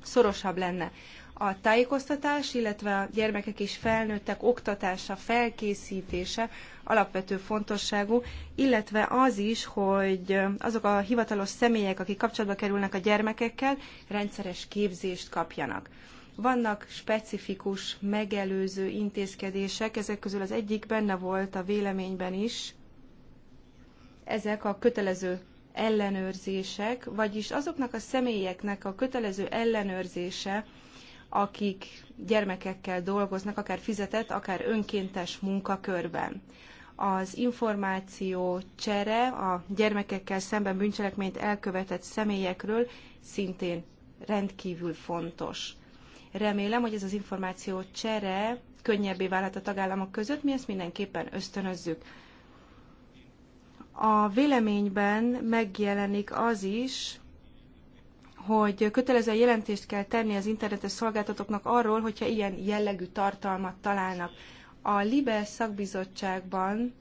szorosabb lenne a tájékoztatás, illetve a gyermekek és felnőttek oktatása, felkészítése alapvető fontosságú, illetve az is, hogy azok a hivatalos személyek, akik kapcsolatba kerülnek a gyermekekkel, rendszeres képzést kapjanak. Vannak specifikus, megelőző intézkedések, ezek közül az egyik benne volt a véleményben is. Ezek a kötelező ellenőrzések, vagyis azoknak a személyeknek a kötelező ellenőrzése, akik gyermekekkel dolgoznak, akár fizetett, akár önkéntes munkakörben. Az információ csere a gyermekekkel szemben bűncselekményt elkövetett személyekről szintén rendkívül fontos. Remélem, hogy ez az információ csere könnyebbé válhat a tagállamok között, mi ezt mindenképpen ösztönözzük. A véleményben megjelenik az is, hogy kötelező jelentést kell tenni az internetes szolgáltatóknak arról, hogyha ilyen jellegű tartalmat találnak. A LIBE szakbizottságban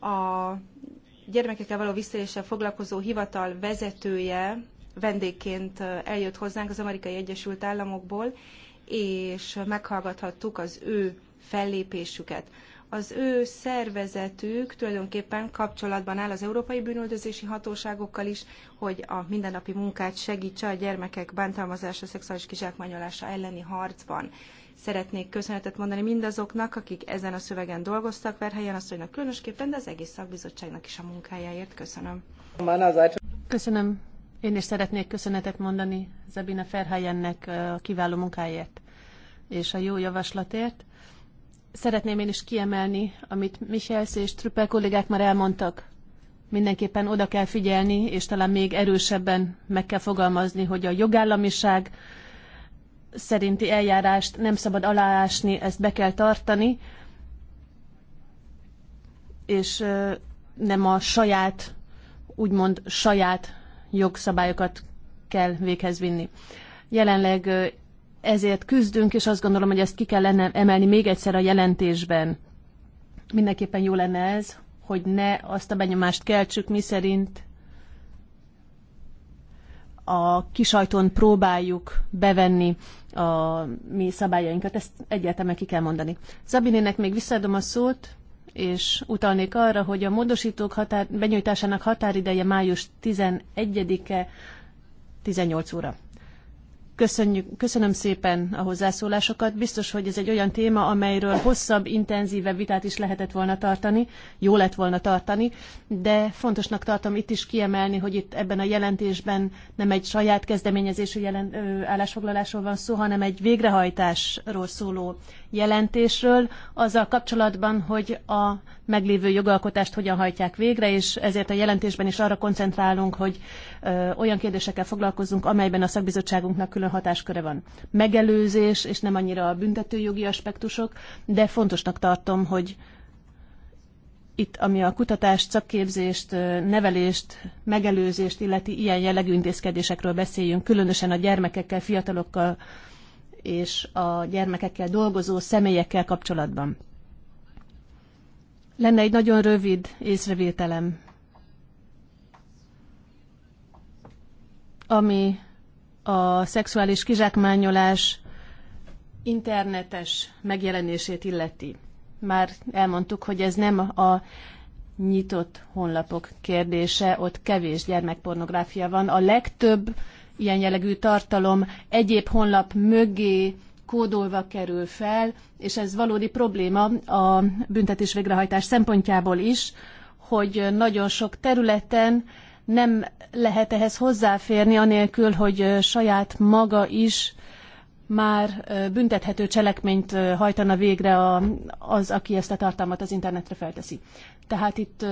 a gyermekekkel való visszaéléssel foglalkozó hivatal vezetője vendégként eljött hozzánk az Amerikai Egyesült Államokból, és meghallgathattuk az ő fellépésüket. Az ő szervezetük tulajdonképpen kapcsolatban áll az európai bűnöldözési hatóságokkal is, hogy a mindennapi munkát segítse a gyermekek bántalmazása, szexuális kizsákmányolása elleni harcban. Szeretnék köszönetet mondani mindazoknak, akik ezen a szövegen dolgoztak, Verhelyen asszonynak különösképpen, de az egész szakbizottságnak is a munkájáért. Köszönöm. Köszönöm. Én is szeretnék köszönetet mondani Zabina Ferhelyennek a kiváló munkáért és a jó javaslatért szeretném én is kiemelni, amit Michels és Trüppel kollégák már elmondtak. Mindenképpen oda kell figyelni, és talán még erősebben meg kell fogalmazni, hogy a jogállamiság szerinti eljárást nem szabad aláásni, ezt be kell tartani, és nem a saját, úgymond saját jogszabályokat kell véghez vinni. Jelenleg ezért küzdünk, és azt gondolom, hogy ezt ki kellene emelni még egyszer a jelentésben. Mindenképpen jó lenne ez, hogy ne azt a benyomást keltsük, mi szerint a kisajton próbáljuk bevenni a mi szabályainkat. Ezt egyértelműen ki kell mondani. Zabinének még visszaadom a szót, és utalnék arra, hogy a módosítók határ, benyújtásának határideje május 11-e 18 óra. Köszönjük, köszönöm szépen a hozzászólásokat. Biztos, hogy ez egy olyan téma, amelyről hosszabb, intenzívebb vitát is lehetett volna tartani, jó lett volna tartani, de fontosnak tartom itt is kiemelni, hogy itt ebben a jelentésben nem egy saját kezdeményezésű jelen, ö, állásfoglalásról van szó, hanem egy végrehajtásról szóló jelentésről, azzal kapcsolatban, hogy a meglévő jogalkotást hogyan hajtják végre, és ezért a jelentésben is arra koncentrálunk, hogy ö, olyan kérdésekkel foglalkozunk, amelyben a szakbizottságunknak külön hatásköre van. Megelőzés, és nem annyira a büntetőjogi aspektusok, de fontosnak tartom, hogy itt, ami a kutatást, szakképzést, nevelést, megelőzést illeti ilyen jellegű intézkedésekről beszéljünk, különösen a gyermekekkel, fiatalokkal és a gyermekekkel dolgozó személyekkel kapcsolatban. Lenne egy nagyon rövid észrevételem, ami a szexuális kizsákmányolás internetes megjelenését illeti. Már elmondtuk, hogy ez nem a nyitott honlapok kérdése, ott kevés gyermekpornográfia van. A legtöbb ilyen jellegű tartalom egyéb honlap mögé kódolva kerül fel, és ez valódi probléma a büntetés végrehajtás szempontjából is, hogy nagyon sok területen nem lehet ehhez hozzáférni, anélkül, hogy saját maga is már büntethető cselekményt hajtana végre az, aki ezt a tartalmat az internetre felteszi. Tehát itt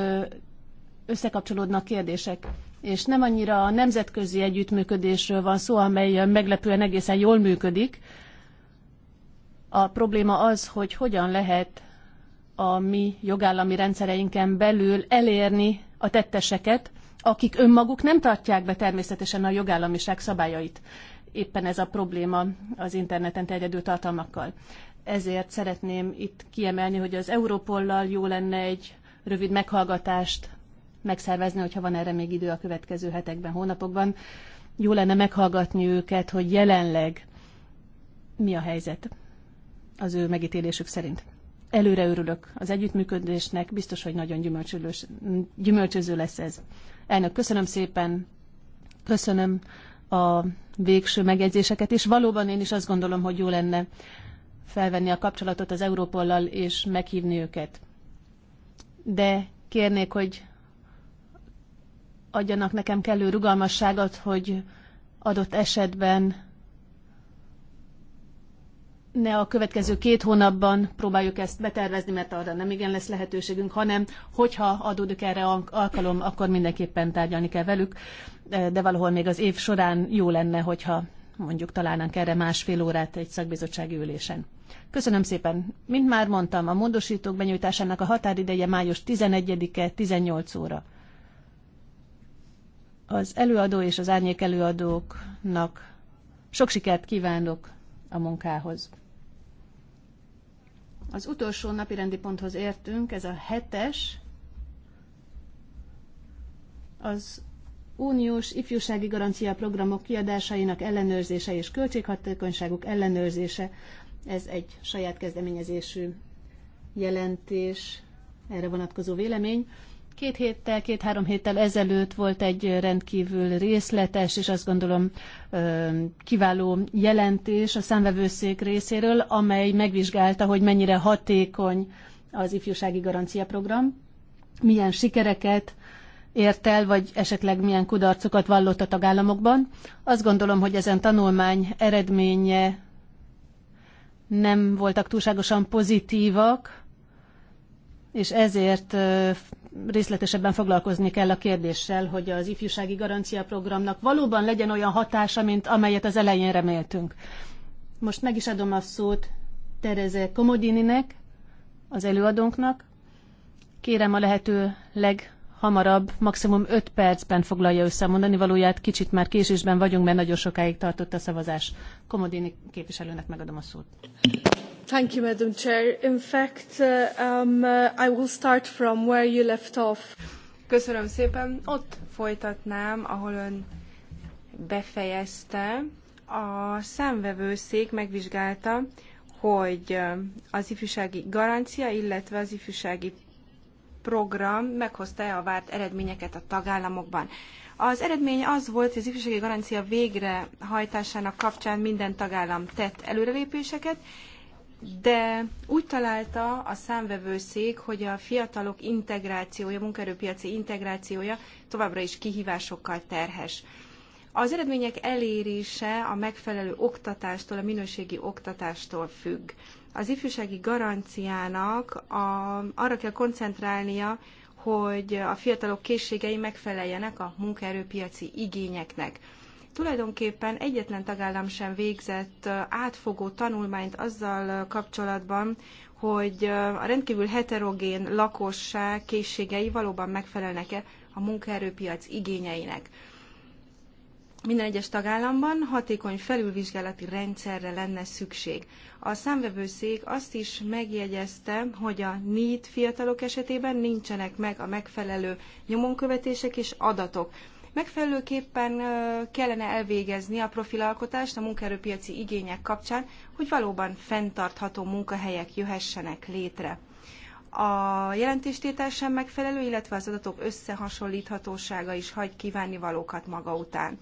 összekapcsolódnak kérdések, és nem annyira a nemzetközi együttműködésről van szó, amely meglepően egészen jól működik. A probléma az, hogy hogyan lehet a mi jogállami rendszereinken belül elérni a tetteseket, akik önmaguk nem tartják be természetesen a jogállamiság szabályait. Éppen ez a probléma az interneten terjedő tartalmakkal. Ezért szeretném itt kiemelni, hogy az Európollal jó lenne egy rövid meghallgatást megszervezni, hogyha van erre még idő a következő hetekben, hónapokban. Jó lenne meghallgatni őket, hogy jelenleg mi a helyzet az ő megítélésük szerint. Előre örülök az együttműködésnek, biztos, hogy nagyon gyümölcsöző lesz ez. Elnök, köszönöm szépen, köszönöm a végső megjegyzéseket, és valóban én is azt gondolom, hogy jó lenne felvenni a kapcsolatot az Európollal és meghívni őket. De kérnék, hogy adjanak nekem kellő rugalmasságot, hogy adott esetben ne a következő két hónapban próbáljuk ezt betervezni, mert arra nem igen lesz lehetőségünk, hanem hogyha adódik erre alkalom, akkor mindenképpen tárgyalni kell velük, de valahol még az év során jó lenne, hogyha mondjuk találnánk erre másfél órát egy szakbizottsági ülésen. Köszönöm szépen. Mint már mondtam, a módosítók benyújtásának a határideje május 11-e 18 óra. Az előadó és az árnyék előadóknak sok sikert kívánok a munkához. Az utolsó napi rendi ponthoz értünk, ez a hetes, az uniós ifjúsági garancia programok kiadásainak ellenőrzése és költséghatékonyságuk ellenőrzése. Ez egy saját kezdeményezésű jelentés, erre vonatkozó vélemény. Két héttel, két-három héttel ezelőtt volt egy rendkívül részletes, és azt gondolom kiváló jelentés a számvevőszék részéről, amely megvizsgálta, hogy mennyire hatékony az ifjúsági garancia program, milyen sikereket ért el, vagy esetleg milyen kudarcokat vallott a tagállamokban. Azt gondolom, hogy ezen tanulmány eredménye nem voltak túlságosan pozitívak, és ezért részletesebben foglalkozni kell a kérdéssel, hogy az ifjúsági garancia programnak valóban legyen olyan hatása, mint amelyet az elején reméltünk. Most meg is adom a szót Tereze Komodininek, az előadónknak. Kérem a lehető leghamarabb, maximum 5 percben foglalja össze a mondani valóját. Kicsit már késésben vagyunk, mert nagyon sokáig tartott a szavazás. Komodini képviselőnek megadom a szót. Thank you, Madam Chair. In fact, uh, um, uh, I will start from where you left off. Köszönöm szépen. Ott folytatnám, ahol ön befejezte. A számvevőszék megvizsgálta, hogy uh, az ifjúsági garancia, illetve az ifjúsági program meghozta-e a várt eredményeket a tagállamokban. Az eredmény az volt, hogy az ifjúsági garancia végrehajtásának kapcsán minden tagállam tett előrelépéseket, de úgy találta a számvevőszék, hogy a fiatalok integrációja, munkaerőpiaci integrációja továbbra is kihívásokkal terhes. Az eredmények elérése a megfelelő oktatástól, a minőségi oktatástól függ. Az ifjúsági garanciának a, arra kell koncentrálnia, hogy a fiatalok készségei megfeleljenek a munkaerőpiaci igényeknek tulajdonképpen egyetlen tagállam sem végzett átfogó tanulmányt azzal kapcsolatban, hogy a rendkívül heterogén lakosság készségei valóban megfelelnek-e a munkaerőpiac igényeinek. Minden egyes tagállamban hatékony felülvizsgálati rendszerre lenne szükség. A számvevőszék azt is megjegyezte, hogy a NEED fiatalok esetében nincsenek meg a megfelelő nyomonkövetések és adatok Megfelelőképpen kellene elvégezni a profilalkotást a munkaerőpiaci igények kapcsán, hogy valóban fenntartható munkahelyek jöhessenek létre. A jelentéstétel sem megfelelő, illetve az adatok összehasonlíthatósága is hagy valókat maga után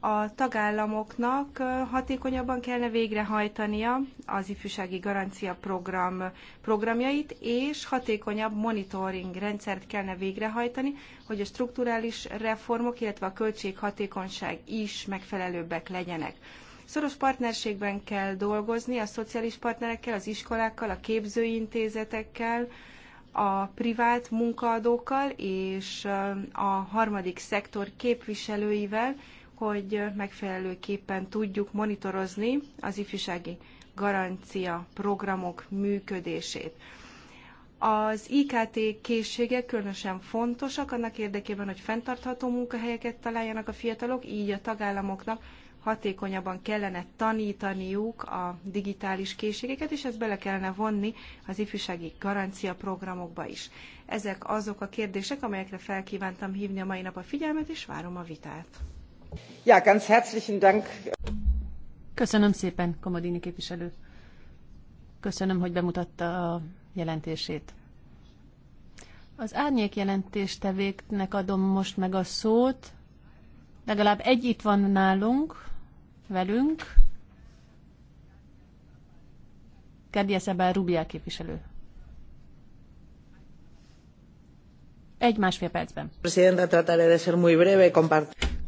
a tagállamoknak hatékonyabban kellene végrehajtania az ifjúsági garancia program programjait, és hatékonyabb monitoring rendszert kellene végrehajtani, hogy a strukturális reformok, illetve a költséghatékonyság is megfelelőbbek legyenek. Szoros partnerségben kell dolgozni a szociális partnerekkel, az iskolákkal, a képzőintézetekkel, a privát munkaadókkal és a harmadik szektor képviselőivel, hogy megfelelőképpen tudjuk monitorozni az ifjúsági garancia programok működését. Az IKT készségek különösen fontosak annak érdekében, hogy fenntartható munkahelyeket találjanak a fiatalok, így a tagállamoknak hatékonyabban kellene tanítaniuk a digitális készségeket, és ezt bele kellene vonni az ifjúsági garancia programokba is. Ezek azok a kérdések, amelyekre felkívántam hívni a mai nap a figyelmet, és várom a vitát. Ja, ganz herzlichen Dank. Köszönöm szépen, Komodini képviselő. Köszönöm, hogy bemutatta a jelentését. Az árnyék jelentéstevéknek adom most meg a szót. Legalább egy itt van nálunk, velünk. Kerdiesz Ebel Rubiel képviselő. Egy másfél percben. Presidenta, trataré de ser muy breve,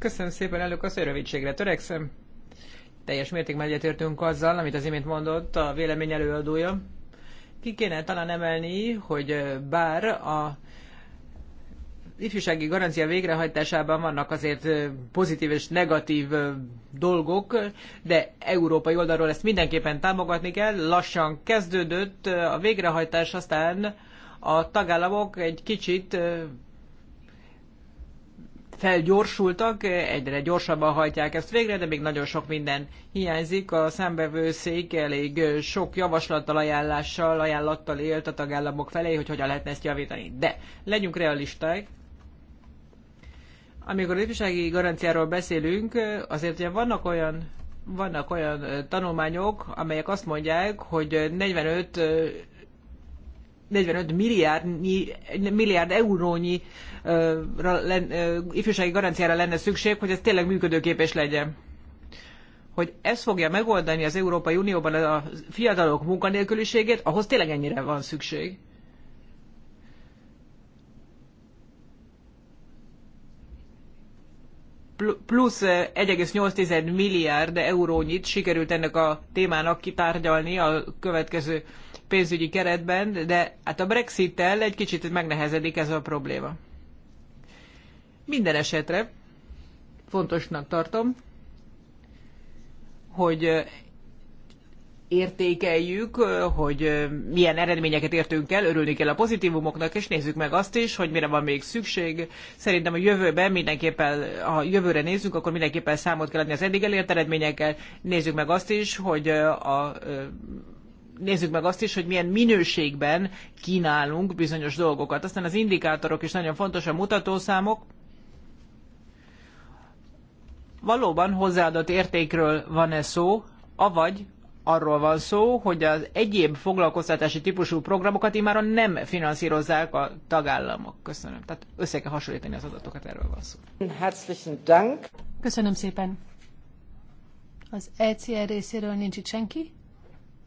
Köszönöm szépen, elők, asszony, rövidségre törekszem. Teljes mértékben egyetértünk azzal, amit az imént mondott a vélemény előadója. Ki kéne talán emelni, hogy bár a ifjúsági garancia végrehajtásában vannak azért pozitív és negatív dolgok, de európai oldalról ezt mindenképpen támogatni kell. Lassan kezdődött a végrehajtás, aztán a tagállamok egy kicsit felgyorsultak, egyre gyorsabban hajtják ezt végre, de még nagyon sok minden hiányzik. A számbevőszék elég sok javaslattal, ajánlással, ajánlattal élt a tagállamok felé, hogy hogyan lehetne ezt javítani. De legyünk realisták, amikor ifjúsági garanciáról beszélünk, azért ugye vannak olyan vannak olyan tanulmányok, amelyek azt mondják, hogy 45 45 milliárd, milliárd eurónyi ö, len, ö, ifjúsági garanciára lenne szükség, hogy ez tényleg működőképes legyen. Hogy ez fogja megoldani az Európai Unióban a fiatalok munkanélküliségét, ahhoz tényleg ennyire van szükség. plusz 1,8 milliárd eurónyit sikerült ennek a témának kitárgyalni a következő pénzügyi keretben, de hát a Brexit-tel egy kicsit megnehezedik ez a probléma. Minden esetre fontosnak tartom, hogy értékeljük, hogy milyen eredményeket értünk el, örülni kell a pozitívumoknak, és nézzük meg azt is, hogy mire van még szükség. Szerintem a jövőben mindenképpen, ha jövőre nézzünk, akkor mindenképpen számot kell adni az eddig elért eredményekkel. Nézzük meg azt is, hogy a nézzük meg azt is, hogy milyen minőségben kínálunk bizonyos dolgokat. Aztán az indikátorok is nagyon fontos, a mutatószámok. Valóban hozzáadott értékről van e szó, avagy arról van szó, hogy az egyéb foglalkoztatási típusú programokat imáron nem finanszírozzák a tagállamok. Köszönöm. Tehát össze kell hasonlítani az adatokat, erről van szó. Herzlichen Dank. Köszönöm szépen. Az ECR részéről nincs itt senki.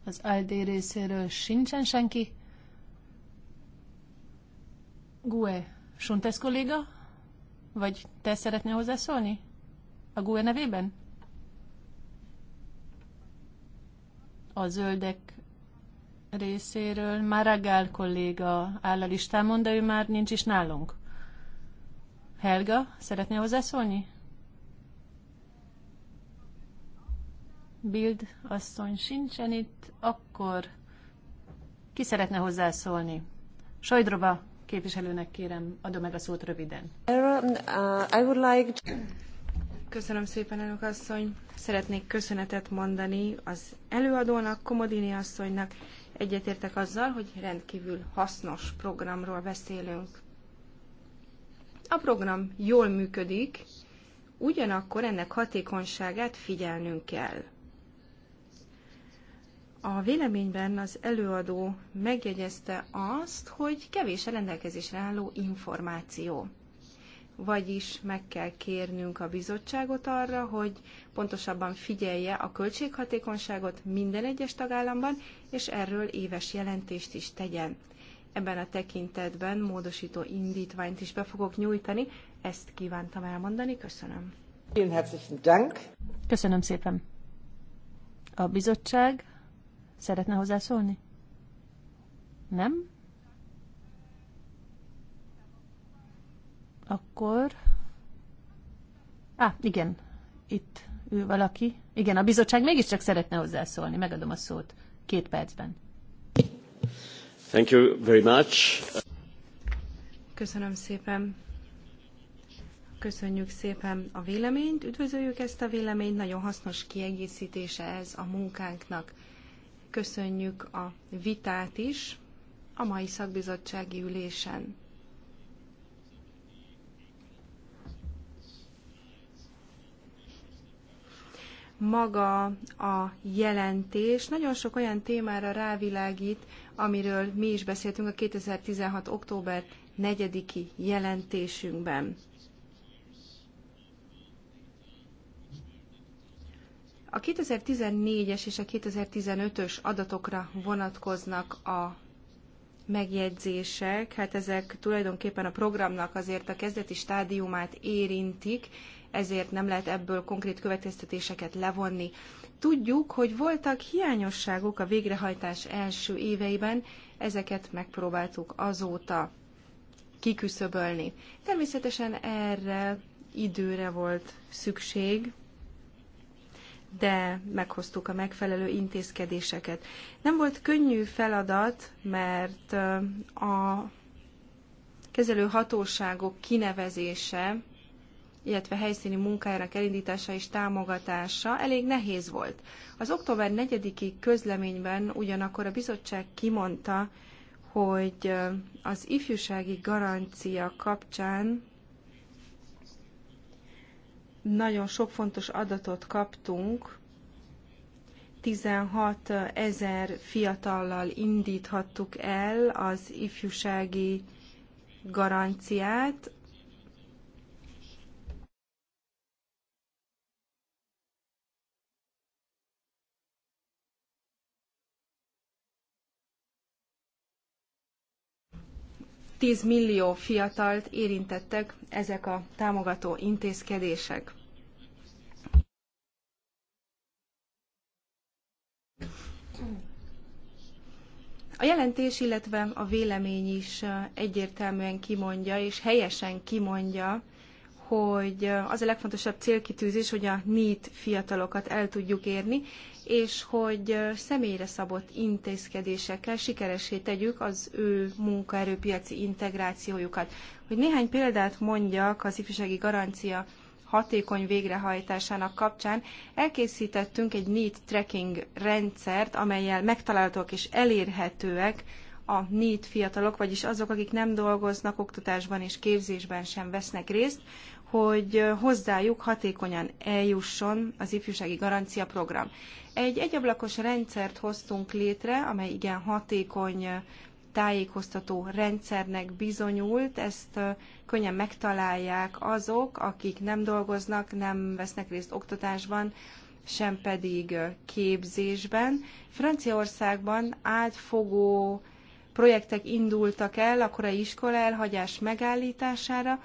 Az ID részéről sincsen senki. Gue, Suntes kolléga? Vagy te szeretnél hozzászólni? A Gue nevében? A zöldek részéről Maragall kolléga áll a listámon, de ő már nincs is nálunk. Helga, szeretnél hozzászólni? Bild asszony sincsen itt, akkor ki szeretne hozzászólni? Sajdroba képviselőnek kérem, adom meg a szót röviden. Uh, Köszönöm szépen, elnök asszony. Szeretnék köszönetet mondani az előadónak, Komodini asszonynak. Egyetértek azzal, hogy rendkívül hasznos programról beszélünk. A program jól működik, ugyanakkor ennek hatékonyságát figyelnünk kell. A véleményben az előadó megjegyezte azt, hogy kevés a rendelkezésre álló információ. Vagyis meg kell kérnünk a bizottságot arra, hogy pontosabban figyelje a költséghatékonyságot minden egyes tagállamban, és erről éves jelentést is tegyen. Ebben a tekintetben módosító indítványt is be fogok nyújtani. Ezt kívántam elmondani. Köszönöm. Köszönöm szépen. A bizottság Szeretne hozzászólni? Nem? Akkor... Á, ah, igen, itt ül valaki. Igen, a bizottság mégiscsak szeretne hozzászólni. Megadom a szót két percben. Thank you very much. Köszönöm szépen. Köszönjük szépen a véleményt, üdvözöljük ezt a véleményt, nagyon hasznos kiegészítése ez a munkánknak köszönjük a vitát is a mai szakbizottsági ülésen. maga a jelentés nagyon sok olyan témára rávilágít, amiről mi is beszéltünk a 2016. október 4-i jelentésünkben. A 2014-es és a 2015-ös adatokra vonatkoznak a megjegyzések, hát ezek tulajdonképpen a programnak azért a kezdeti stádiumát érintik, ezért nem lehet ebből konkrét következtetéseket levonni. Tudjuk, hogy voltak hiányosságok a végrehajtás első éveiben, ezeket megpróbáltuk azóta kiküszöbölni. Természetesen erre időre volt szükség, de meghoztuk a megfelelő intézkedéseket. Nem volt könnyű feladat, mert a kezelő hatóságok kinevezése, illetve helyszíni munkájának elindítása és támogatása elég nehéz volt. Az október 4-i közleményben ugyanakkor a bizottság kimondta, hogy az ifjúsági garancia kapcsán nagyon sok fontos adatot kaptunk, 16 ezer fiatallal indíthattuk el az ifjúsági garanciát, 10 millió fiatalt érintettek ezek a támogató intézkedések. A jelentés, illetve a vélemény is egyértelműen kimondja, és helyesen kimondja, hogy az a legfontosabb célkitűzés, hogy a NEET fiatalokat el tudjuk érni, és hogy személyre szabott intézkedésekkel sikeressé tegyük az ő munkaerőpiaci integrációjukat. Hogy néhány példát mondjak az ifjúsági garancia hatékony végrehajtásának kapcsán elkészítettünk egy NEET tracking rendszert, amelyel megtalálhatók és elérhetőek a NEET fiatalok, vagyis azok, akik nem dolgoznak, oktatásban és képzésben sem vesznek részt, hogy hozzájuk hatékonyan eljusson az ifjúsági garancia program. Egy egyablakos rendszert hoztunk létre, amely igen hatékony tájékoztató rendszernek bizonyult, ezt könnyen megtalálják azok, akik nem dolgoznak, nem vesznek részt oktatásban, sem pedig képzésben. Franciaországban átfogó projektek indultak el a korai iskola elhagyás megállítására,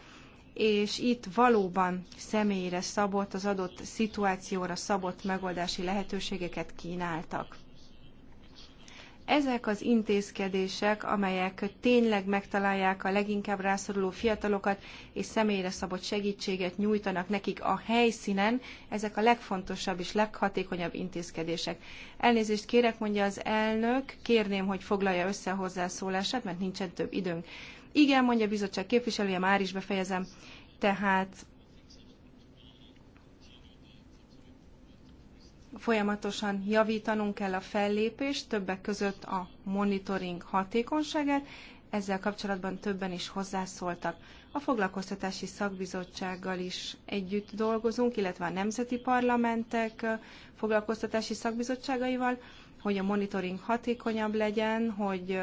és itt valóban személyre szabott, az adott szituációra szabott megoldási lehetőségeket kínáltak. Ezek az intézkedések, amelyek tényleg megtalálják a leginkább rászoruló fiatalokat, és személyre szabott segítséget nyújtanak nekik a helyszínen, ezek a legfontosabb és leghatékonyabb intézkedések. Elnézést kérek, mondja az elnök, kérném, hogy foglalja össze a hozzászólását, mert nincsen több időnk. Igen, mondja a bizottság képviselője, már is befejezem. Tehát folyamatosan javítanunk kell a fellépést, többek között a monitoring hatékonyságát, ezzel kapcsolatban többen is hozzászóltak. A foglalkoztatási szakbizottsággal is együtt dolgozunk, illetve a nemzeti parlamentek foglalkoztatási szakbizottságaival, hogy a monitoring hatékonyabb legyen, hogy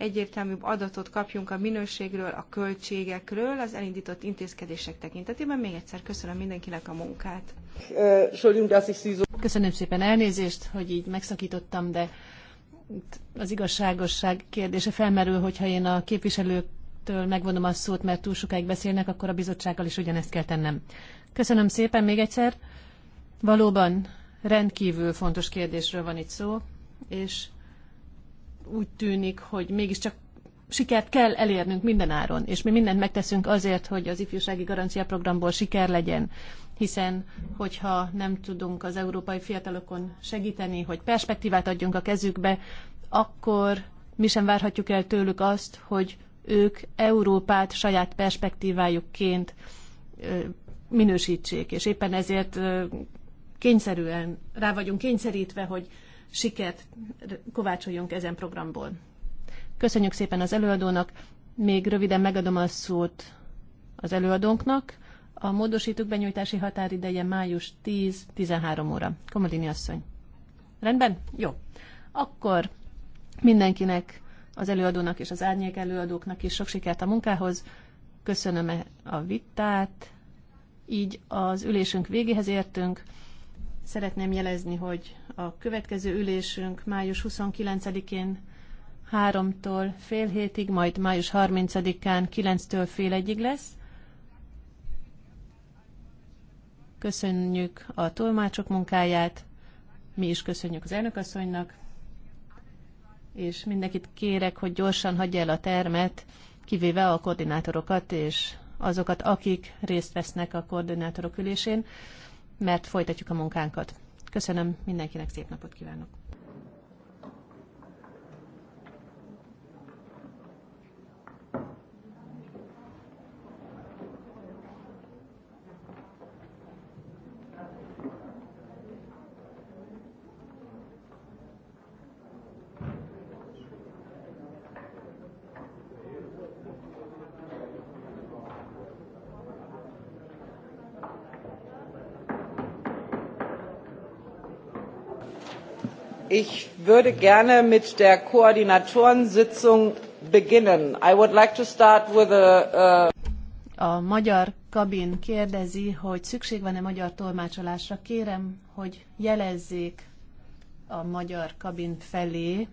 egyértelműbb adatot kapjunk a minőségről, a költségekről, az elindított intézkedések tekintetében. Még egyszer köszönöm mindenkinek a munkát. Köszönöm szépen elnézést, hogy így megszakítottam, de az igazságosság kérdése felmerül, hogyha én a képviselőktől megvonom a szót, mert túl sokáig beszélnek, akkor a bizottsággal is ugyanezt kell tennem. Köszönöm szépen még egyszer. Valóban rendkívül fontos kérdésről van itt szó, és úgy tűnik, hogy mégiscsak sikert kell elérnünk mindenáron, és mi mindent megteszünk azért, hogy az ifjúsági garancia programból siker legyen, hiszen hogyha nem tudunk az európai fiatalokon segíteni, hogy perspektívát adjunk a kezükbe, akkor mi sem várhatjuk el tőlük azt, hogy ők Európát saját perspektívájukként minősítsék, és éppen ezért kényszerűen rá vagyunk kényszerítve, hogy sikert kovácsoljunk ezen programból. Köszönjük szépen az előadónak, még röviden megadom a szót az előadónknak. A módosítók benyújtási határideje május 10-13 óra. Komodini asszony. Rendben? Jó. Akkor mindenkinek, az előadónak és az árnyék előadóknak is sok sikert a munkához. Köszönöm e a vitát. Így az ülésünk végéhez értünk. Szeretném jelezni, hogy a következő ülésünk május 29-én 3-tól fél hétig, majd május 30-án 9-től fél egyig lesz. Köszönjük a tolmácsok munkáját, mi is köszönjük az elnökasszonynak, és mindenkit kérek, hogy gyorsan hagyja el a termet, kivéve a koordinátorokat és azokat, akik részt vesznek a koordinátorok ülésén, mert folytatjuk a munkánkat. Köszönöm mindenkinek, szép napot kívánok! ich würde gerne mit der koordinatorensitzung beginnen. I would like to start with a, uh... a magyar kabin kérdezi, hogy szükség van-e magyar tolmácsolásra. Kérem, hogy jelezzék a magyar kabin felé,